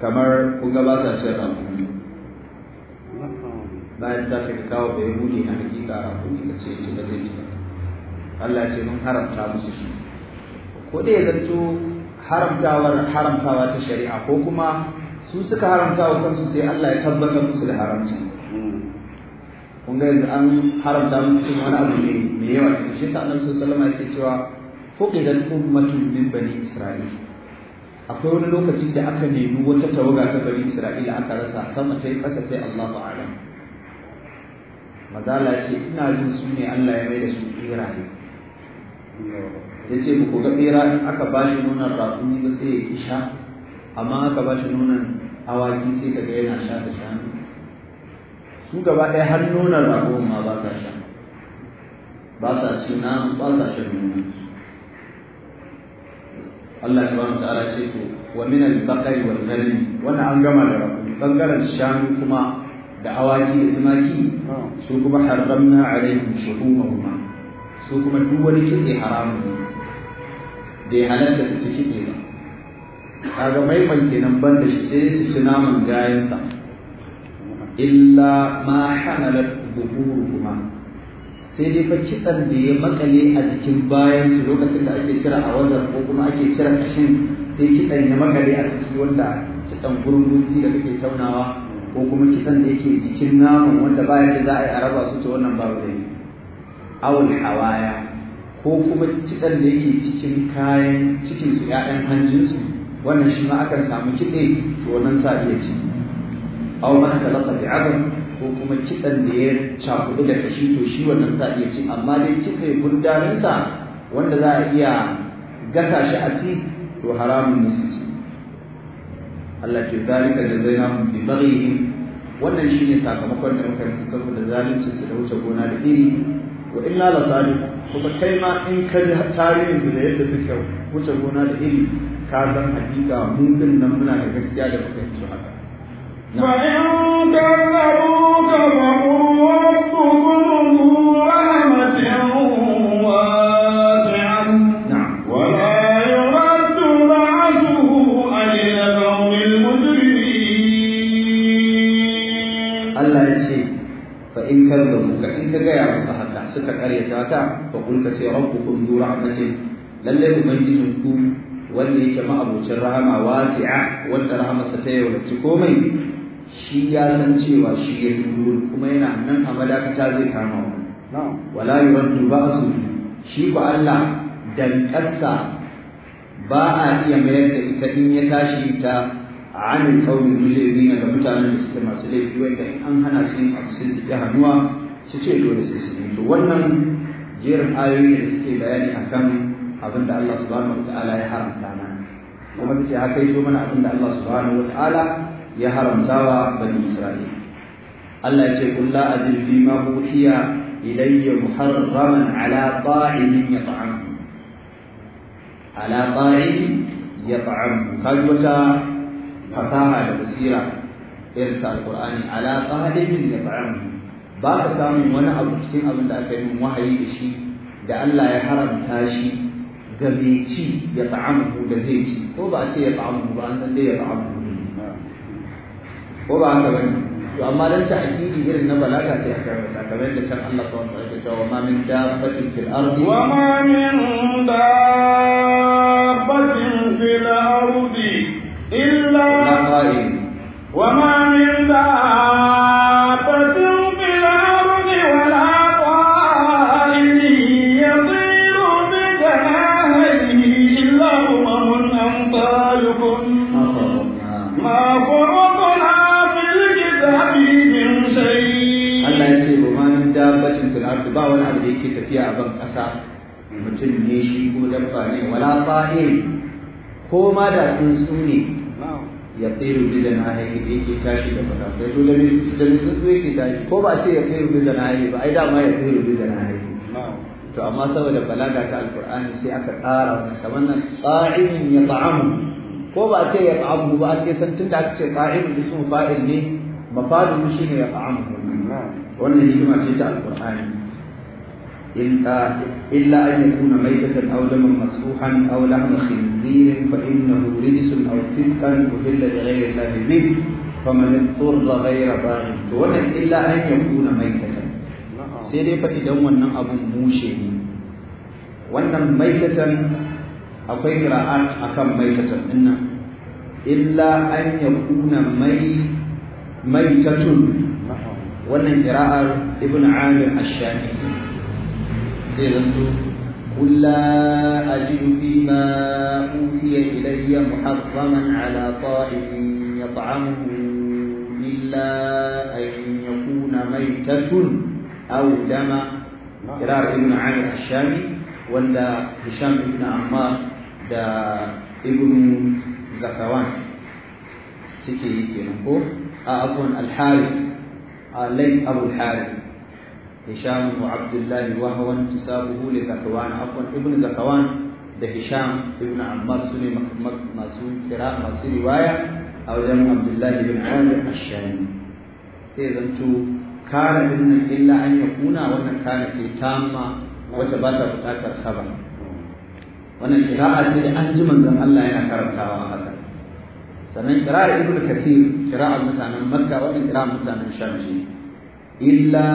kamar kun ba sa cin rakumi bayan za fi kawo da ya buɗe na hakika rakumi ka ce ce ba zai ci ba Allah ce mun haramta musu shi ko da ya zanto haramtawar haramtawa ta shari'a ko kuma su suka haramta wa kansu sai Allah ya tabbatar musu da haramcin kun da an haramta musu cin wani abu ne mai yawa da shi sa nan sallallahu yake cewa fuqidat ummatun min bani isra'il akwai wani lokaci da aka nemi wata tawaga ta bani isra'il aka rasa sama ta yi ƙasa ta Allahu a'lam madala ce ina jin su ne Allah ya mai da su tsira ne ya ce ku ga tsira aka ba shi nunan raƙumi ba sai ya kisha amma aka ba shi nunan awaki sai ka ga yana sha da shanu su gaba ɗaya har nonon rago ma ba sa sha ba sa ci na ba sa shan nuna Allah ya wa ta'ala ce ko wa min al-baqari wal ghanam wannan an gama da rabu bangaren shanu kuma da awaki da tumaki su kuma haramna alaihim shuhumahuma su kuma duk wani kike haramun ne bai halatta su ci ne ba kaga maiman kenan ban da shi sai su ci naman gayansa illa ma hamalat zuhuruhuma sai dai fa kitsan da ya makale a jikin bayan su lokacin da ake cira a wajen ko kuma ake cira kashin sai kitsan ya makale a ciki wanda kitsan gurguzi da kake taunawa ko kuma kitsan da yake jikin namun wanda baya da za a yi a raba su to wannan babu da awul hawaya ko kuma kitsan da yake cikin kayan cikin su ƴaƴan hanjinsu wannan shi ma akan samu kitse to wannan sa iya ci au ma khalaqa bi abad ko kuma kitsan da ya cakudu da kashi to shi wannan sa iya ci. amma dai kitse gundarin sa wanda za a iya gasa shi a ci to haramun ne su ci Allah ke zalika da zai namu bi baghihim wannan ne sakamakon da muka yi saboda zalunci su da wuce gona da iri wa illa la sadiq kuma kai ma in ka ji tarihin su da yadda suka wuce gona da iri ka san hakika mu din nan muna da gaskiya da muka yi haka suka karyata ta fa kun ka ce rabbukum zu rahmatin lalle ubangijin ku wanda yake ma'abocin rahama wasi'a wanda rahamarsa ta yawalci komai shi ya san cewa shi ya turo kuma yana nan a madakata zai kama wa wala yuraddu su shi ba Allah dankarsa ba a iya mayar da ita in ya tashi ta anil qawmi lillazina ga mutanen da suke masu laifi wanda in an hana su yin abu sai su hannuwa su ce dole sai su to wannan jerin ayoyi da suke bayani akan abin da Allah subhanahu wa ta'ala ya haramta na kuma ce haka yi mana abin da Allah subhanahu wa ta'ala ya haramtawa bani Isra'ila Allah ya ce kul la ajid fi ma uhiya ilayya muharraman ala ta'imin yat'amu ala ta'imin yat'amu kaji wata fasaha da basira irin ta alqur'ani ala ta'imin yat'amu ba ka samun wani abu cikin abin da aka yi min wahayi da shi da Allah ya haramta shi ga mai ci ya ta'amu da zai ci ko ba a ce ya ta'amu ba an san dai ya ta'amu ko ba haka bane to amma dan ta hakiki irin na balaga sai aka karanta kamar da can Allah subhanahu wa ta'ala ya ce wa ma min dabbatin fil ardi wa ma min yake tashi da matakai to da mai da mai yake tashi ko ba sai ya kai rubi da nahi ba ai dama ya kai rubi da nahi to amma saboda balaga ta alqur'ani sai aka tsara kamar nan qa'imin yat'amu ko ba sai ce yat'amu ba an san tunda aka ce qa'im ismu fa'il ne mafadu shi ne yat'amu wannan hikima ce ta alqur'ani آه، إلا أن يكون ميتة أو دما مسفوحا أو لحم خنزير فإنه رجس أو فسقا أهل لغير الله به فمن اضطر غير باغ إلا أن يكون ميتة سيدي فتدوم أن أبو موشي وأن ميتة أخيرا أكم ميتة إن إلا أن يكون مي ميتة وأن ابن عامر الشافعي zai zanto kulla ajidu fi ma uhiya ilayya muharraman ala ta'imin yat'amuhu illa an yakuna maytatun aw dama kirar ibn amir ashami wanda hisham ibn ammar da ibn zakawan suke yi kenan ko a abun alhari a lai abu alhari هشام وعبد الله وهو انتسابه لذكوان عفوا ابن ذكوان ده هشام ابن عمار سني مسؤول قراءة مسؤول رواية أو جمع عبد الله بن عامر الشامي سيزمتو كان إن إلا أن يكون وأن كانت تامة وتبات بتاتا خبر wannan kira'a ce da an ji manzon Allah yana karantawa haka sannan kira'ar ibnu kathir kira'ar mutanen makka wannan kira'ar mutanen sham ce إلا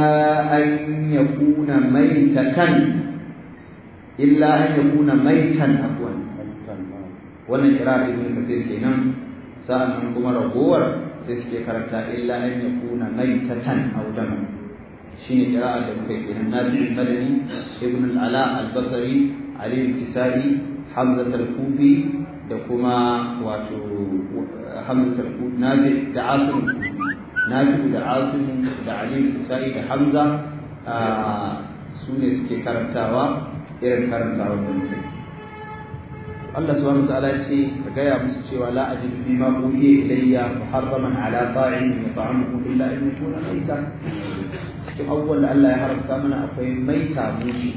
أن يكون ميتة إلا أن يكون ميتا عفوا wannan kira ibn kasir kenan sa'annan kuma ragowar sai suke karanta illa an yakuna maitatan aw daman shine kira da muke nan nabi madani ibn al-ala al-basri ali al-kisai hamza al-kufi da kuma wato hamza al-kufi nabi da asim al-kufi nafi da asim da ali kusai da hamza su ne suke karantawa irin karantawa da muke Allah subhanahu wa ta'ala ce ka gaya musu cewa la ajidu fi ma uhiya ilayya muharraman ala ta'im yata'amuhu illa in yakuna maita cikin abubuwan da Allah ya haramta mana akwai maita mushi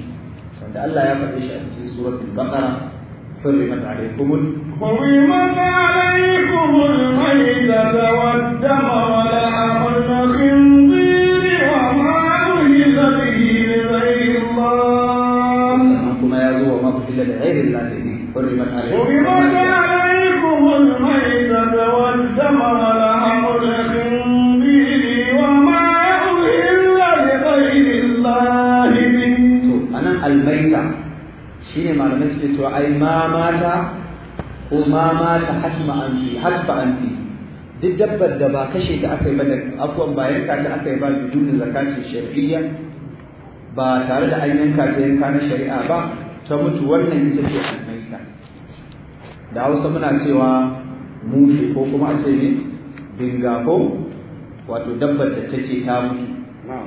wanda Allah ya faɗe shi a cikin suratul baqara حرمت عليكم حرمت عليكم الميتة والدم ولحم الخنزير وما أهل به لغير الله. كما يزور ما أهل لغير الله حرمت عليكم. حرمت عليكم. shine malamai suke to ai ma mata ko ma mata hasma an fi hasba an fi duk dabbar da ba kashe ta aka yi ba da afwan ba yanka ta aka yi ba bidun zakatin shar'iyya ba tare da an yanka ta yanka na shari'a ba ta mutu wannan ita ce almaita da hausa muna cewa mushi ko kuma a ce ne ko wato dabbar da take ta mutu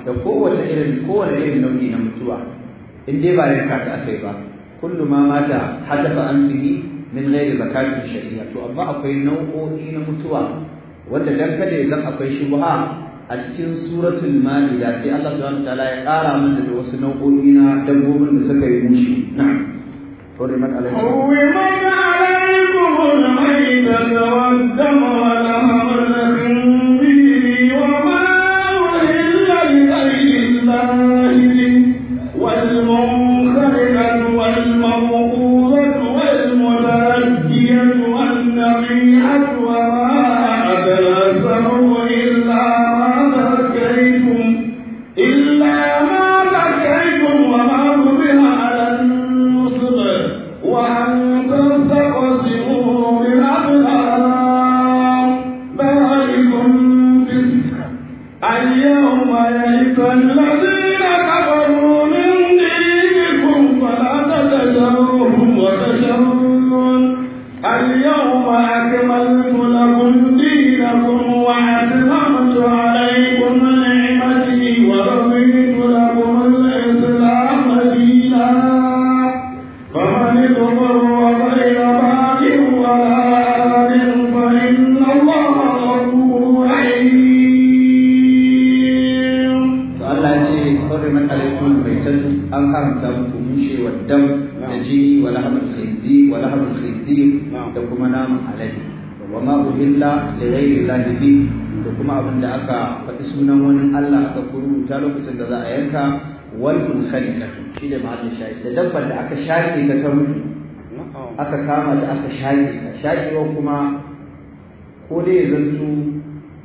da kowace irin kowane irin nau'i na mutuwa in dai ba yanka ta aka yi ba كل ما مات حتف أنفه من غير بكاة شيء توضع في نوقه إلى متوى وتذكر إذا أقوي شبها أجسين سورة المال ذاتي الله سبحانه وتعالى يقال من ذلك وسنوقه إلى دبه من مسكة يموشي نعم قول من عليكم قول من عليكم الميتة والدم والدم nafsun khaliqatu shi ne ma'anar shayi da dabbar da aka shaƙe ta ta mutu aka kama da aka shaƙe ta shaƙewa kuma ko dai ya zanto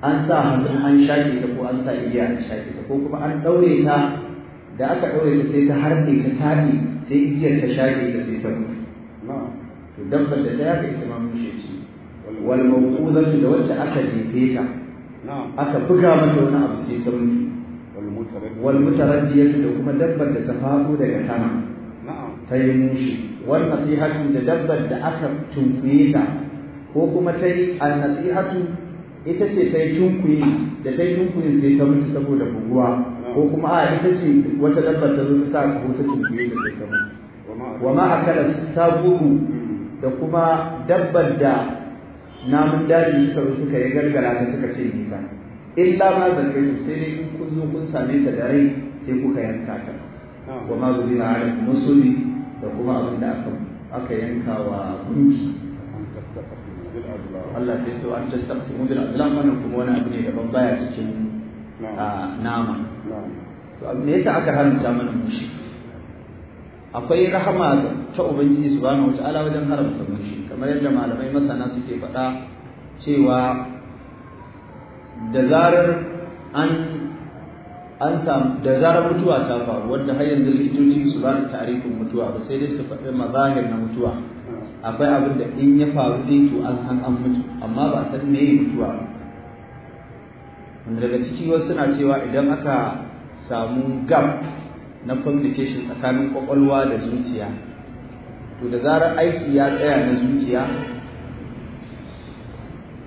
an sa hannu an shaƙe ta ko an sa igiya an shaƙe ta ko kuma an ɗaure ta da aka ɗaure ta sai ta harbe ta taɗi sai igiyar ta shaƙe ta sai ta mutu to dabbar da ta yaƙe ita ma mushe ce wal mawqudatu da wacce aka jefe ta aka buga mata wani abu sai ta mutu wal mutaraddiyatu da kuma dabbar da ta faɗo daga sama ta yi mushi wal nasihatu da dabbar da aka tunkuye ta ko kuma ta yi al nasihatu ita ce ta yi tunkuye da ta yi tunkuye sai ta mutu saboda buguwa ko kuma a ita ce wata dabbar ta zo ta sa ko ta tunkuye da sai ta mutu wa ma akala saburu da kuma dabbar da namun daji suka suka yi gargara ta suka ce nisa illa ma zakaitu sai dai in kun zo kun same ta da rai sai kuka yanka ta ah. wa ma zubi na ala musulmi da kuma abin da aka aka yanka wa gunki Allah sai so an tastaqsimu da Allah mana kuma wani abu ne daban baya cikin ah, nama to me yasa aka haramta mana mushi akwai rahama ta ubangiji subhanahu wataala wajen haramta mushi kamar yadda malamai masana suke faɗa cewa da zarar an an samu da zarar mutuwa ta faru wanda har yanzu likitoci su ba da tarihin mutuwa ba sai dai su faɗi mazahir na mutuwa akwai abin da in ya faru dai to an san an mutu amma ba san me mutuwa ba wanda daga ciki wasu suna cewa idan aka samu gap na communication tsakanin kwakwalwa da zuciya to da zarar aiki ya tsaya na zuciya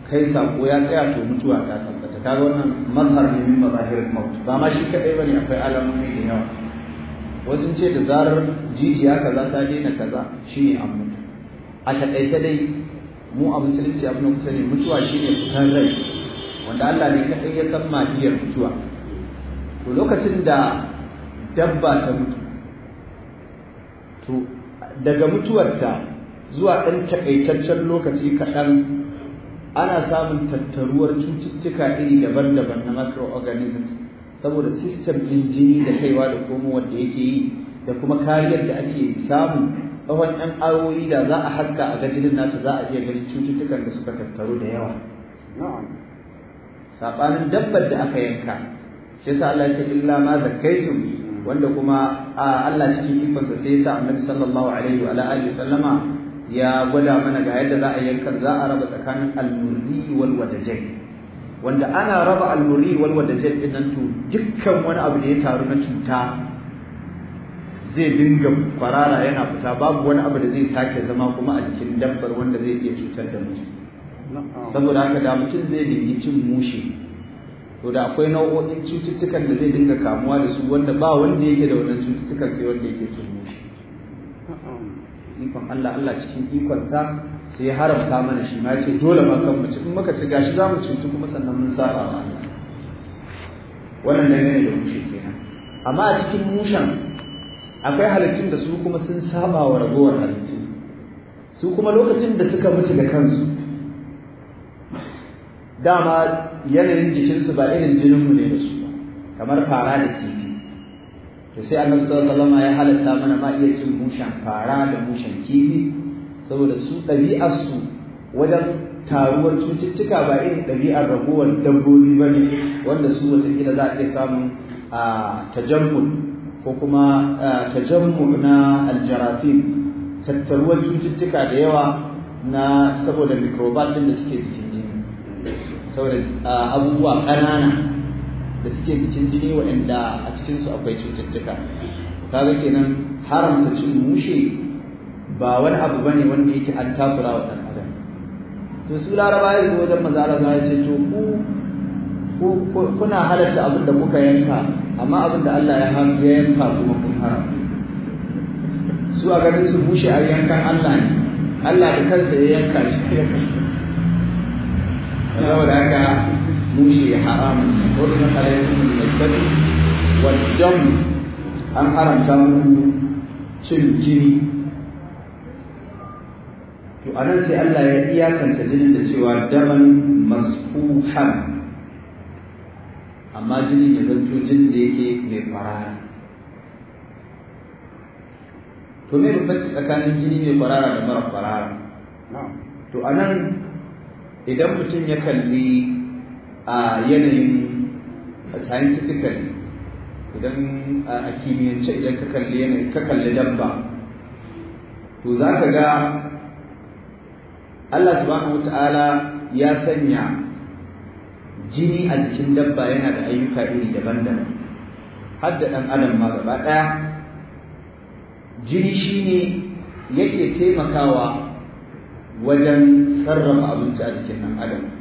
kai sako ya tsaya to mutuwa ta tabbata kaga wannan mazhar ne min al maut ba ma shi kadai bane akwai alamomi da yawa wasu ce da zarar jijiya kaza ta daina kaza shine an mutu a taƙaice dai mu a musulunci abin da kusa ne mutuwa shine fitan rai wanda Allah ne kadai ya san mahiyar mutuwa to lokacin da dabba ta mutu to daga mutuwarta zuwa ɗan taƙaitaccen lokaci kaɗan ana samun tattaruwar cututtuka iri daban-daban na microorganisms saboda system din jini da kaiwa da komowar da yake yi da kuma kariyar da ake samu tsawon ɗan awoyi da za a haska a gajinin nata za a iya ganin cututtukan da suka tattaru da yawa saɓanin dabbar da aka yanka shi yasa Allah ce illa ma zakkaitum wanda kuma Allah cikin ikonsa sai ya sa Annabi sallallahu alaihi wa alihi sallama ya gwada mana ga yadda za a yankan za a raba tsakanin almurri wal wadajai wanda ana raba almurri wal wadajai din nan to dukkan wani abu da ya taru na cuta zai dinga kwarara yana fita babu wani abu da zai sake zama kuma a jikin dabbar wanda zai iya cutar da mutum saboda haka da mutum zai dingi cin mushi to da akwai nau'o'in cututtukan da zai dinga kamuwa da su wanda ba wanda yake da wannan cututtukan sai wanda yake cin ikon Allah Allah cikin ikonsa sai ya haramta mana shi ma yace dole ma kan mu ci in muka ci gashi za mu cutu kuma sannan mun saba ma wannan ne da mushe kenan amma a cikin mushan akwai halittun da su kuma sun saba wa ragowar halittu su kuma lokacin da suka mutu da kansu dama yanayin jikinsu ba irin mu ne da su kamar fara da kifi to sai annabi sallallahu alaihi ya halatta mana ma iya cin mushen fara da mushen kifi saboda su ɗabi'ar su wajen taruwar cututtuka ba irin ɗabi'ar ragowar dabbobi ba ne wanda su wataƙila za a iya samun a tajammul ko kuma tajammul na aljarafin tattaruwar cututtuka da yawa na saboda microbat da suke cikin jini saboda abubuwa ƙanana da suke cikin jini waɗanda a cikinsu akwai cututtuka kaga kenan haramta cin mushe ba wani abu bane wanda yake an tafura wa ɗan adam to su laraba ya zo wajen maza Allah ya ce to ku kuna halatta abin da kuka yanka amma abin da Allah ya ya yanka kuma kun haram su a garin su bushe a yankan Allah ne Allah da kansa ya yanka shi saboda haka mushe haramun wurin halayen mai wajen an haramta muku cin jini to a nan sai Allah ya iyakanta jinin da cewa daman masfuhan amma jinin ya zanto jinin da yake mai farara to me bambanci tsakanin jini mai farara da mara farara to a nan idan mutum ya kalli a yanayin scientifically idan a kimiyyance idan ka kalli yanayin ka kalli dabba to za ka ga Allah subhanahu wata'ala ya sanya jini a jikin dabba yana da ayyuka iri daban-daban har da ɗan adam ma gaba ɗaya jini shi ne yake taimakawa wajen sarrafa abinci a jikin ɗan adam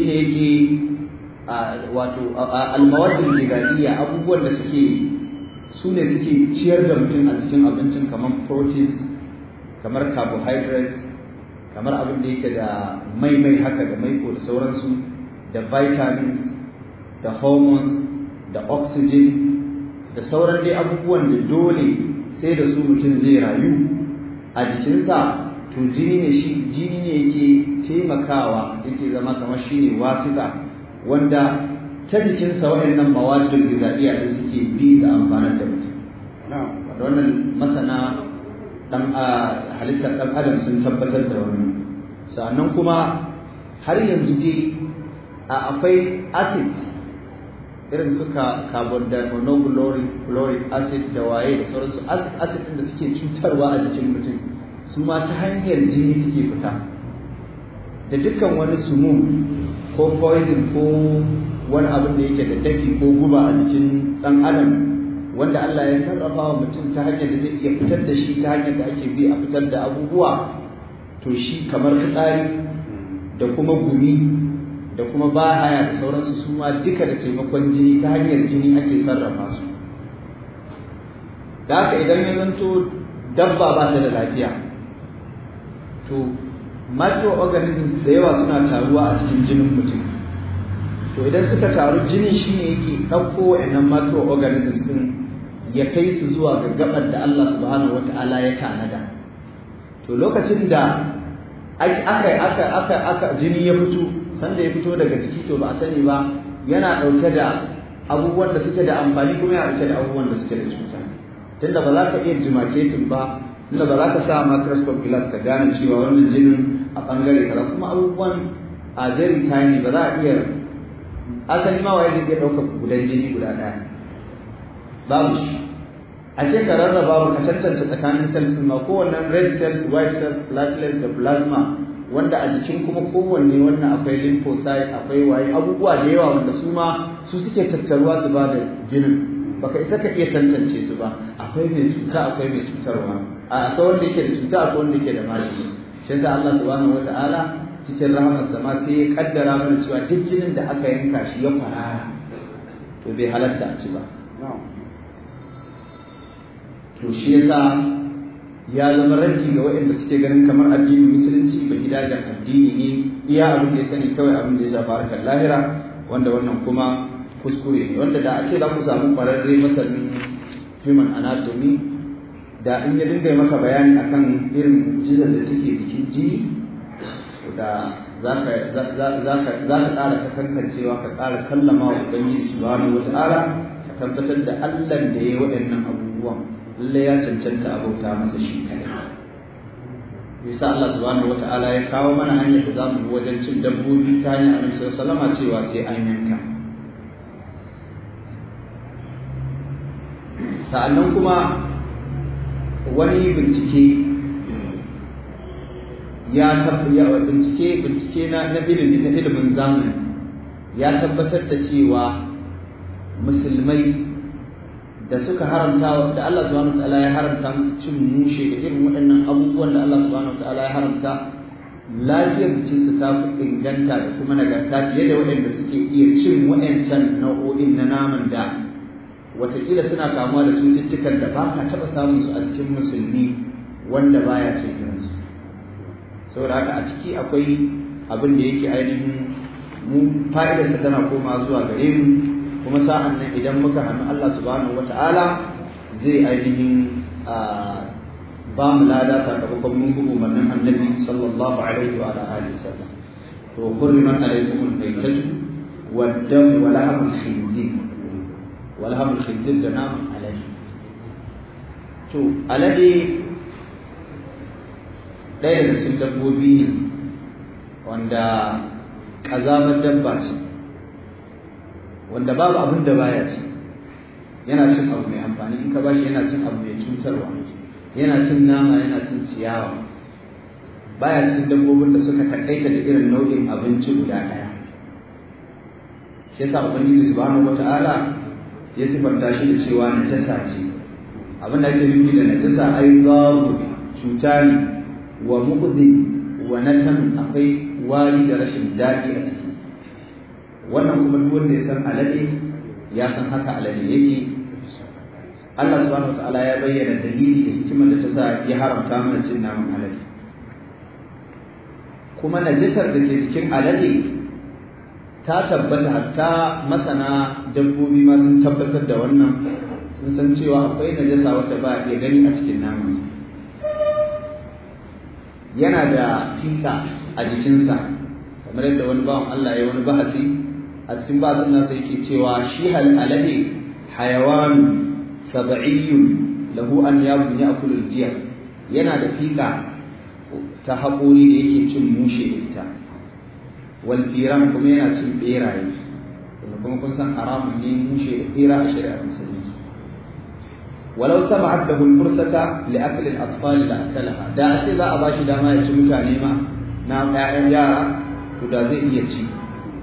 ne yake wato almawadin ligadiya abubuwan da suke su ne suke ciyar da mutum a cikin abincin kamar proteins kamar carbohydrates kamar abin da yake da mai mai haka da maiko da sauransu da vitamins da hormones da oxygen da sauran dai abubuwan da dole sai da su mutum zai rayu a jikinsa to jini ne shi jini ne yake taimakawa yake zama kamar shi ne wasita wanda ta jikinsa waɗannan mawadin gizaiya da suke bi da amfanar da mutum da wannan masana dan halittar ɗan adam sun tabbatar da wannan sannan kuma har yanzu dai a akwai acid irin su carbon dioxide chloric acid da waye da sauransu acid ɗin da suke cutarwa a jikin mutum Suma ta hanyar jini take fita da dukkan wani sumu ko poison ko wani abin da yake da dafi ko guba a cikin ɗan adam wanda Allah ya sarrafa wa mutum ta hanyar da zai iya fitar da shi ta hanyar da ake bi a fitar da abubuwa to shi kamar fitsari da kuma gumi da kuma bahaya da sauransu su ma duka da taimakon jini ta hanyar jini ake sarrafa su da haka idan ya zanto dabba ba ta da lafiya to microorganisms da yawa suna taruwa a cikin jinin mutum to idan suka taru jinin shi ne yake ɗauko wa'annan microorganisms ɗin ya kai su zuwa ga gabar da Allah subhanahu ta'ala ya tanada to lokacin da aka aka aka aka jini ya fito sanda ya fito daga ciki to ba a sani ba yana ɗauke da abubuwan da suke da amfani kuma yana ɗauke da abubuwan da suke da cuta tunda ba za ka iya jimaketin ba inda ba za ka sa microscope glass ka gane cewa wannan jinin a bangare kaza kuma abubuwan a very tiny ba za a iya asali ma waye zai iya gudan jini guda ɗaya babu shi a ce ka rarraba ka tantance tsakanin cells ma kowanne red cells white cells platelets da plasma wanda a jikin kuma kowanne wannan akwai lymphocyte akwai waye abubuwa da yawa wanda su ma su suke tattaruwa su ba da jinin baka isa ka iya tantance su ba akwai mai cuta akwai mai cutarwa a akwai wanda ke da cuta akwai wanda ke da mashi shi da Allah subhanahu wataala cikin rahamarsa ma sai ya kaddara mana cewa duk jinin da aka yanka shi ya fara. to bai halarta a ci ba to shi yasa ya zama ranki ga waɗanda suke ganin kamar addinin musulunci ba gidajen addini ne iya abin da ya sani kawai abin da ya shafa harkar lahira wanda wannan kuma kuskure ne wanda da a ce za ku samu kwararre masanin human anatomy da in ya dinga maka bayani akan irin jizar da take jikin jini da za ka ƙara kankancewa, ka ƙara sallama wa ubangiji subhanahu wata ta'ala ka tabbatar da Allah da ya yi waɗannan abubuwan lalle ya cancanta abota masa shi kai yasa Allah subhanahu wata ta'ala ya kawo mana hanyar da za mu bi wajen cin dabbobi ta hanyar annabi salama cewa sai an yanka sa'annan kuma wani bincike ya tabbaya bincike bincike na na ilimin na ilimin zamani ya tabbatar da cewa musulmai da suka haramta da Allah subhanahu ta'ala ya haramta musu cin mushe da irin waɗannan abubuwan da Allah subhanahu ta'ala ya haramta lafiyar su ta fi inganta da kuma nagarta fiye da waɗanda suke iya cin waɗancan nau'o'in na naman da watakila suna kamuwa da cututtukan da ba ka taɓa samun su a cikin musulmi wanda baya cin irinsu saboda haka a ciki akwai abin da yake ainihin mu fa'idarsa tana koma zuwa gare mu kuma sa'an nan idan muka hannu Allah subhanahu wata'ala zai ainihin ba mu lada sakamakon mun gugu mannan annabi sallallahu alaihi wa alihi wasallam to kurriman alaikum al-baytatu wad-dam wa lahmul khinzir ولهم الخنزير ده da naman alade to alade ɗaya ده cikin dabbobi ne wanda ƙazamar dabba ce wanda babu abin da baya ci yana cin abu mai amfani in bashi yana cin abu mai cutarwa yana cin nama yana baya cikin dabbobin da suka takaita da irin nau'in abinci guda ɗaya shi yasa ubangiji subhanahu wata'ala ya sifanta shi da cewa najasa ce abin da ake nufi da najasa ai zaru cuta ne wa mukudi wa can akwai wari da rashin daɗi a ciki wannan kuma duk wanda ya san alade ya san haka alade yake Allah subhanahu ta'ala ya bayyana dalili da hikimar da ta sa ya haramta mana cin naman alade kuma najasar da ke cikin alade ta tabbata hatta masana dabbobi ma sun tabbatar da wannan sun san cewa akwai najasa wacce ba a iya gani a cikin namansa yana da fika a jikinsa kamar yadda wani bawan Allah ya wani ba a cikin bahasin nasa yake cewa shi hal alade hayawan sab'iyyun lahu an a ya'kulul jiya yana da fika ta haƙori da yake cin mushe ita firan kuma yana cin beraye da kuma kun san haramun ne mun da ira a shari'a musulunci walau sab'at da hul fursata li akli al-atfal la akalaha da ace za a bashi dama ya ci mutane ma na ƴaƴan yara to da zai iya ci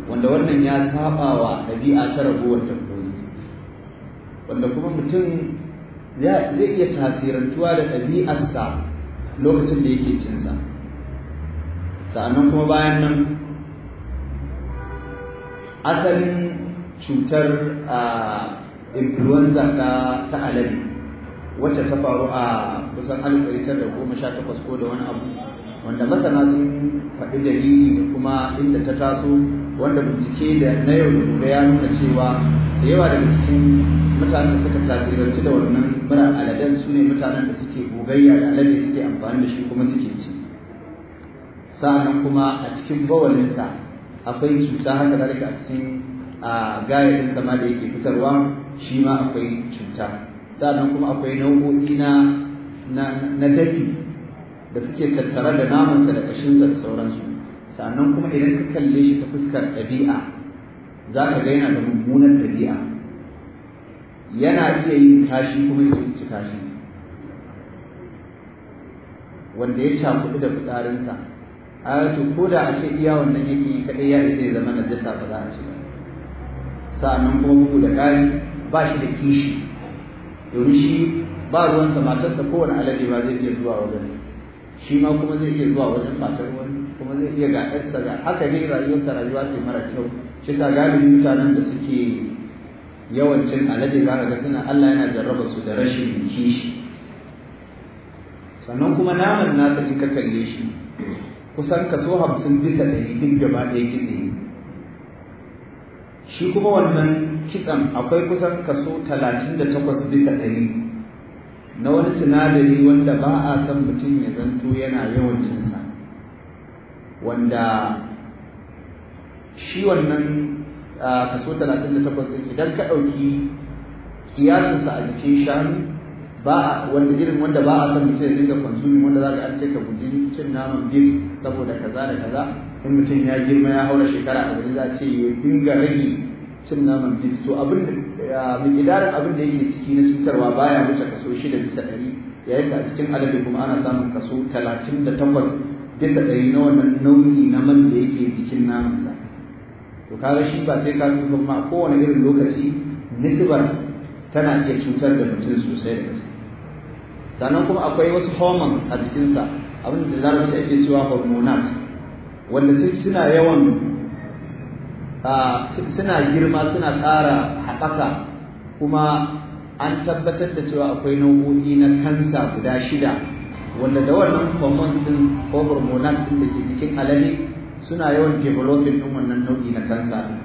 wanda wannan ya saba wa ɗabi'a ta ragowar dabbobi wanda kuma mutum zai iya tasirantuwa da ɗabi'arsa lokacin da yake cinsa sa'annan kuma bayan nan asalin cutar influenza ta alade wacce ta faru a kusan alif ɗari da goma sha takwas ko da wani abu wanda masana sun faɗi dalili da kuma inda ta taso wanda bincike da na yau da gobe ya nuna cewa da yawa daga cikin mutanen da suka tasirantu da wannan murar aladen su ne mutanen da suke gogayya da alade suke amfani da shi kuma suke ci sa'annan kuma a cikin bawalinsa akwai cuta haka zalika a cikin gayarin sama da yake fitarwa shi ma akwai cuta sannan kuma akwai nau'o'i na na dafi da suke tattare da namansa da kashinsa da sauransu sannan kuma idan ka kalle shi ta fuskar ɗabi'a za ka ga yana da mummunar ɗabi'a yana iya yin kashi kuma ya ci kashi wanda ya cakuɗu da fitsarinsa a to ko da a ce iya wannan yake yi kadai ya zai zama na dasa ba za a ce sa'annan kuma bugu da ƙari ba shi da kishi domin shi ba ruwansa matarsa kowane alade ba zai iya zuwa wajen shi ma kuma zai iya zuwa wajen matar wani kuma zai iya ga ɗansa ga haka ne rayuwarsa rayuwa ce mara kyau shi sa galibin mutanen da suke yawancin alade ba ga suna Allah yana jarraba su da rashin kishi sannan kuma naman nasa in ka kalle shi kusan kaso hamsin bisa ɗari duk gaba ɗaya kitse shi kuma wannan kitsan akwai kusan kaso talatin da takwas bisa ɗari na wani sinadari wanda ba a san mutum ya zanto yana yawan cinsa wanda shi wannan kaso talatin da takwas ɗin idan ka ɗauki kiyasinsa a jikin shanu ba wanda irin wanda ba a san mutum ya dinga kwanzumi wanda za ka an ce ka guji cin naman bisu saboda kaza da kaza in mutum ya girma ya haura shekara arba'in za a ce ya dinga rage cin naman abinda to abin abin da yake ciki na cutarwa baya wuce kaso shida bisa ɗari yayin da a cikin alade kuma ana samun kaso talatin da takwas bisa ɗari na wannan nau'i na man da yake jikin namansa to kaga shi ba sai ka duba ma kowane irin lokaci nisibar tana iya cutar da mutum sosai da gaske sannan kuma akwai wasu hormones a jikinsa abin da larabci ake cewa hormonat wanda suna yawan suna girma suna ƙara haɓaka kuma an tabbatar da cewa akwai nau'o'i na kansa guda shida wanda da wannan hormones din ko hormonal din da ke cikin alali suna yawan developing din wannan nau'i na kansa din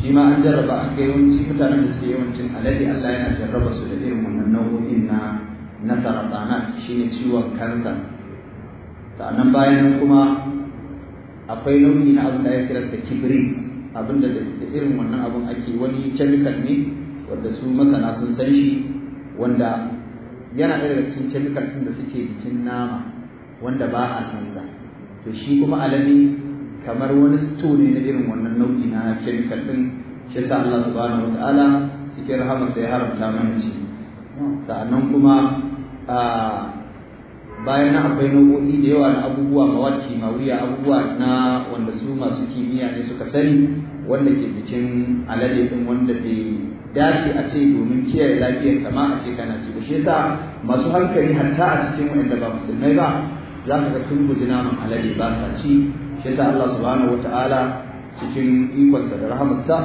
shi ma an jarraba an ga yawanci mutanen da suke yawancin alali Allah yana jarraba su da irin wannan nau'o'in na na saratanat shine ciwon kansa sannan bayan kuma akwai nauyi na abin da ya kira da abin da irin wannan abin ake wani chemical ne wanda su masana sun san shi wanda yana ɗaya daga cikin chemical ɗin da suke jikin nama wanda ba a san to shi kuma alani kamar wani sto ne na irin wannan nauyi na chemical ɗin shi yasa Allah subhanahu wataala cikin da ya haramta mana shi sa'annan kuma a ah, bayan na akwai nau'o'i da yawa na abubuwa ma wuya abubuwa na wanda su masu kimiyya ne suka sani wanda ke bikin alade din wanda bai dace a ce domin kiyaye lafiyar ma a ce kana ci shi yasa masu hankali hatta a cikin wanda ba musulmai ba za ka ga sun guji naman alade ba sa ci shi yasa Allah subhanahu wataala cikin ikonsa da rahamarsa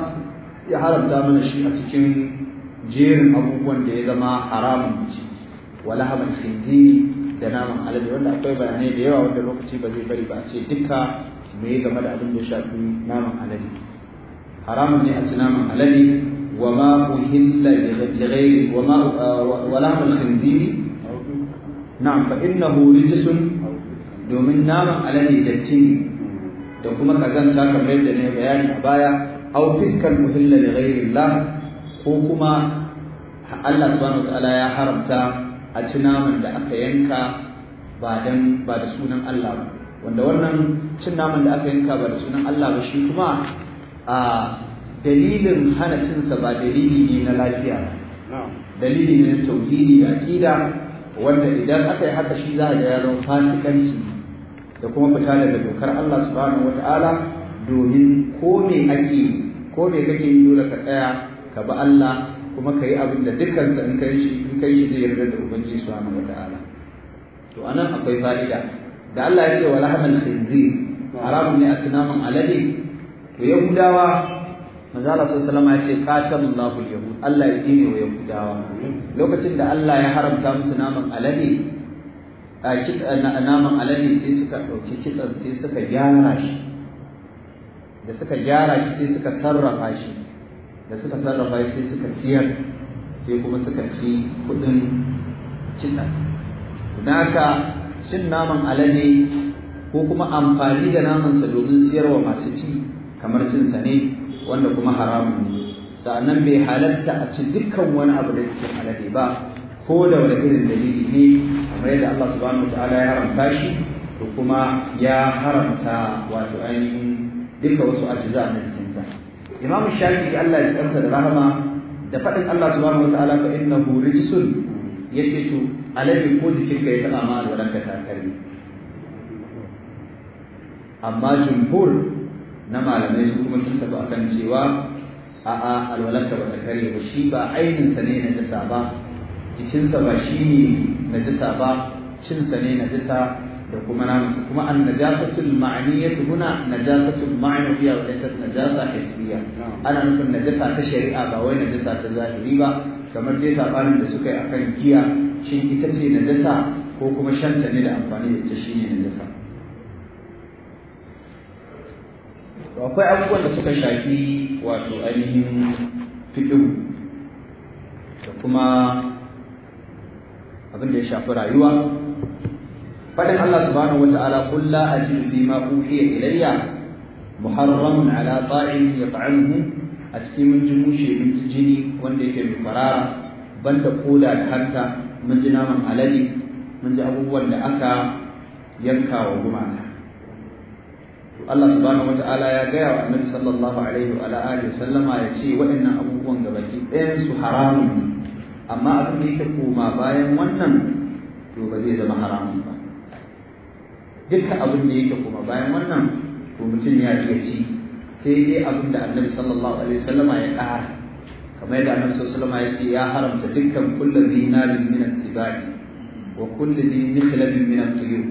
ya haramta mana shi a cikin jerin abubuwan da ya zama haramun ci wala hamal da naman alade wanda akwai bayanai da yawa wanda lokaci ba zai bari ba a ce duka mu yi game da abin da shafi naman alade haramun ne a ci naman alade wa ma uhilla li ghairi wa ma wa lahmul khinziri na'am fa innahu rijsun domin naman alade datti da kuma kazanta kamar yadda ne bayani a baya aw fiskan uhilla li ghairi Allah ko kuma Allah subhanahu wa ta'ala ya haramta a ci naman da aka yanka ba dan ba da sunan Allah ba wanda wannan cin naman da aka yanka ba da sunan Allah ba shi kuma a dalilin hana cinsa ba dalili ne na lafiya dalili ne na tauhidi da aqida wanda idan aka yi haka shi za a ga yaron fasikanci da kuma fita daga dokar Allah subhanahu wataala domin ko me ake ko me kake yi dole ka tsaya ka bi Allah kuma ka yi abin da dukkansa in kai shi kai shi zai yarda da ubangiji subhanahu ta'ala. to anan akwai fa'ida da Allah ya ce wa lahmal khinzir haramun ne a sunamin alade to yahudawa manzo Allah sallallahu alaihi ya ce qatalullahu yahud Allah ya dine wa yahudawa lokacin da Allah ya haramta musu naman alade a naman alade sai suka dauki kitsan sai suka gyara shi da suka gyara shi sai suka sarrafa shi da suka sarrafa shi sai suka siyar sai kuma suka ci kuɗin cin don haka cin naman alade ko kuma amfani da namansa domin siyarwa masu ci kamar cinsa ne wanda kuma haramun ne sannan bai halatta a ci dukkan wani abu da cikin alade ba ko da wani irin dalili ne kamar yadda Allah subhanahu wa ta'ala ya haramta shi ko kuma ya haramta wato ainihin duka wasu ajiza na jikinsa imam shafi Allah ya kansa da rahama da faɗin Allah subhanahu wa ta'ala fa innahu rijsun yace to alai ko jikin ka ya taba ma alwalan ka takarri amma jumhur na malamai su kuma sun tafi akan cewa a'a alwalan ka bata kare ba shi ba ainin sa ne na jisa ba jikinsa ba shi ne na jisa ba cin sa ne na jisa da kuma namansa kuma an najasatul ma'aniyatu huna najasatul ma'aniyya wa laysat najasa hissiyya ana nufin najasa ta shari'a ba wai najasa ta zahiri ba kamar dai sabanin da suka yi akan giya shin ita ce najasa ko kuma shanta ne da amfani da ita shine najasa to akwai abubuwan da suka shafi wato ainihin fiqh da kuma abin da ya shafi rayuwa فدن الله سبحانه وتعالى قل لا أجد فيما أوحي إلي محرم على طاعم يطعمه أتكلم جموشي من تجني وانديك بقرار بل تقول حتى من جنام علي من جأبوا لأكا ينكا وبمعنى Allah subhanahu wataala ya gaya wa Annabi sallallahu alaihi wa alihi sallama ya ce waɗannan abubuwan gabaki ɗayan su haramun amma abin da yake koma bayan wannan to ba zai zama haramun ba duka abin da yake kuma bayan wannan to mutum ya iya ci sai dai abin da annabi sallallahu alaihi wasallama ya ƙara kamar yadda annabi sallallahu alaihi ya ce ya haramta dukkan kullu dinarin min as-sibai wa kullu din mikhlabin min at-tuyur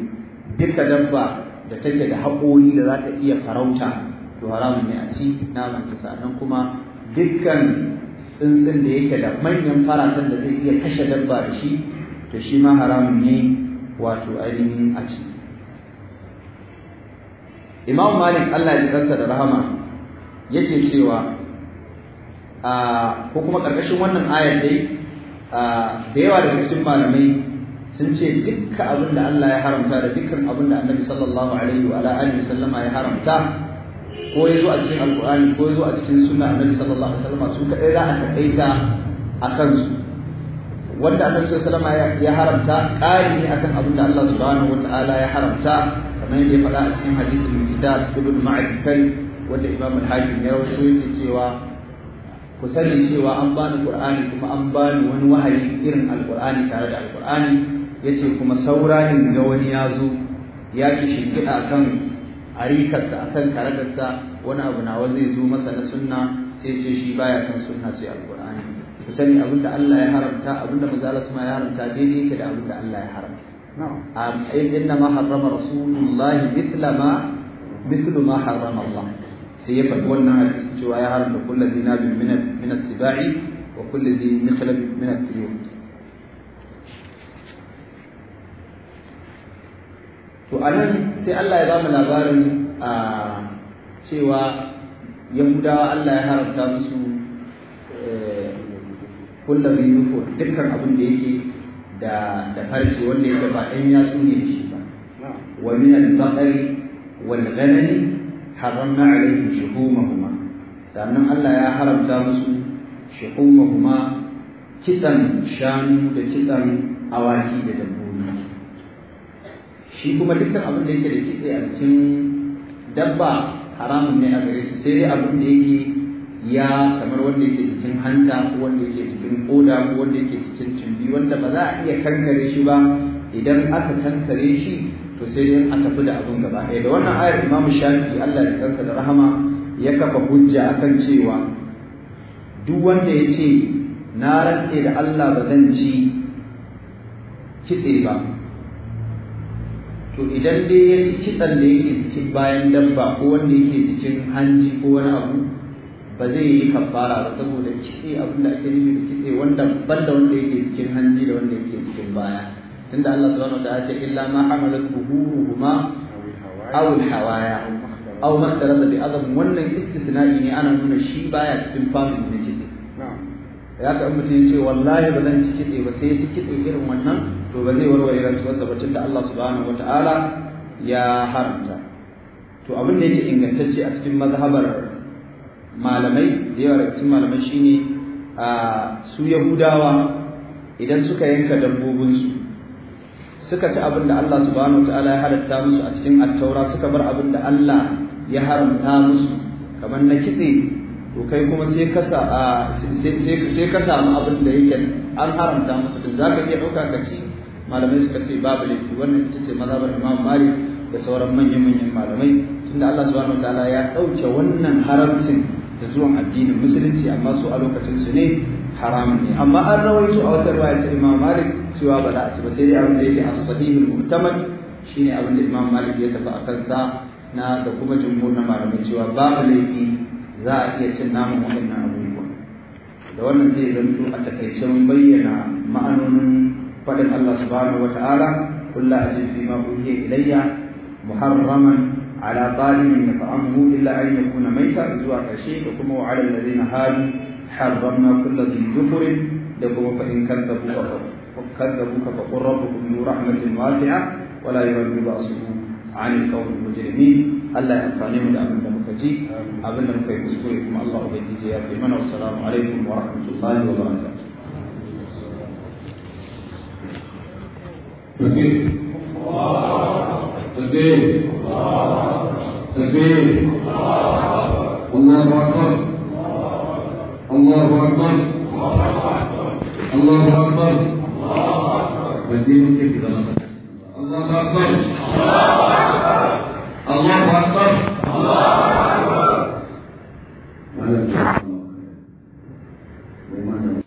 duka dabba da take da haƙori da za ta iya farauta to haramun ne a ci naman kisa, sannan kuma dukkan tsuntsun da yake da manyan faratan da zai iya kashe dabba da shi to shi ma haramun ne wato ainihin a ci imam malik allah ya kansa da rahama yake cewa ko kuma ƙarƙashin wannan ayar dai da yawa daga cikin malamai sun ce dukkan abin da allah ya haramta da dukkan abin da annabi sallallahu alaihi wa alihi sallama ya haramta ko ya zo a cikin alkur'ani ko ya zo a cikin sunna annabi sallallahu alaihi wasallama su kaɗai za a taƙaita a kansu wanda annabi sallallahu alaihi wasallama ya haramta ƙari ne akan abin da allah subhanahu wa ta'ala ya haramta kamar yadda ya faɗa a cikin hadisin kitab ibn ma'ad kai wanda imam al-hakim ya rawaito yake cewa ku sani cewa an bani qur'ani kuma an bani wani wahayi irin alqur'ani tare da ya yace kuma saurayin ga wani ya zo ya ki kan kan arikarsa akan karagarsa wani abu nawa zai zo masa na sunna sai ce shi baya son sunna sai alqur'ani ku sani abinda Allah ya haramta abinda manzo Allah ya haramta daidai yake da abinda Allah ya haramta innama harrama rasulullahi mithla ma mithlu ma harrama Allah sai ya faɗi wannan hadisi cewa ya haramta kullu dinabin min min wa kullu dhi mikhlab to anan sai Allah ya ba mu labarin a cewa yahudawa Allah ya haramta musu kullu dhi dukkan abin da yake da da farce wanda yake ba ɗan ya ne shi ba wa min al baqar wal ghanam haramna alayhi shuhumahuma sannan Allah ya haramta musu shuhumahuma kitsan shanu da kitsan awaki da dabbobi shi kuma dukkan abin da yake da kitse a cikin dabba haramun ne a gare su sai dai abin da yake ya kamar wanda yake cikin hanta ko wanda yake cikin koda ko wanda yake cikin tumbi wanda ba za a iya kankare shi ba idan aka kankare shi to sai dai a tafi da abun gaba ɗaya da wannan ayar imamu shafi Allah ya kansa da rahama ya kafa hujja akan cewa duk wanda ya ce na rantse da Allah ba zan ci kitse ba to idan dai ya ci kitsen da yake cikin bayan dabba ko wanda yake cikin hanji ko wani abu ba zai yi kafara ba saboda kitse abin da ake nufi da kitse wanda banda wanda yake cikin hanji da wanda yake cikin baya tunda Allah subhanahu wataala ce illa ma hamalat buhuruhuma aw hawaya. aw ma bi adam wannan istisna'i ne ana nuna shi baya cikin family ne kitse ya ka ummati ya ce wallahi ba zan ci kitse ba sai ya ci kitse irin wannan to ba zai warware su ba tunda Allah subhanahu wataala ya haramta to abin da yake ingantacce a cikin mazhabar malamai da yawa daga cikin malamai shine a su yahudawa idan suka yanka dabbobinsu suka ci abinda da Allah subhanahu wataala ya halatta musu a cikin attaura suka bar abin da Allah ya haramta musu kamar na kitse to kai kuma sai ka sai ka samu abin yake an haramta musu din zaka iya dauka ka ci malamai suka ce babu laifi wannan ita ce mazhabar Imam Malik da sauran manyan manyan malamai tunda Allah subhanahu wataala ya dauke wannan haramcin da zuwan addinin musulunci amma su a lokacin su ne haramun ne amma an rawaito a wata riwaya ta Imam Malik cewa ba za a ci ba sai dai abin da yake as-sahih al-mu'tamad shine abin da Imam Malik ya tafi akan sa na da kuma jumhur na malamai cewa babu laifi za a iya cin naman waɗannan abubuwa da wannan zai zanto a takaicen bayyana ma'anonin faɗin Allah subhanahu wa ta'ala kullu ajin fi ma uhiya ilayya muharraman على طاعم يطعمه إلا أن يكون ميتا أزواء كشيك كما وعلى الذين هادوا حرمنا كل ذي ظفر لكم فإن كذبوا فكذبوك فقل ربكم ذو رحمة واسعة ولا يرد بأسه عن القوم المجرمين ألا يقتنعوا لأمن أمن مكجي أمن مكي كسكركم الله بيجي نعم يا من والسلام عليكم ورحمة الله وبركاته Thank you. তকবীর তকবীর আল্লাহু আকবার আল্লাহু আকবার আল্লাহু আকবার মদিনাকে কি জানা আল্লাহু আকবার আল্লাহু আকবার আল্লাহু আকবার আল্লাহু আকবার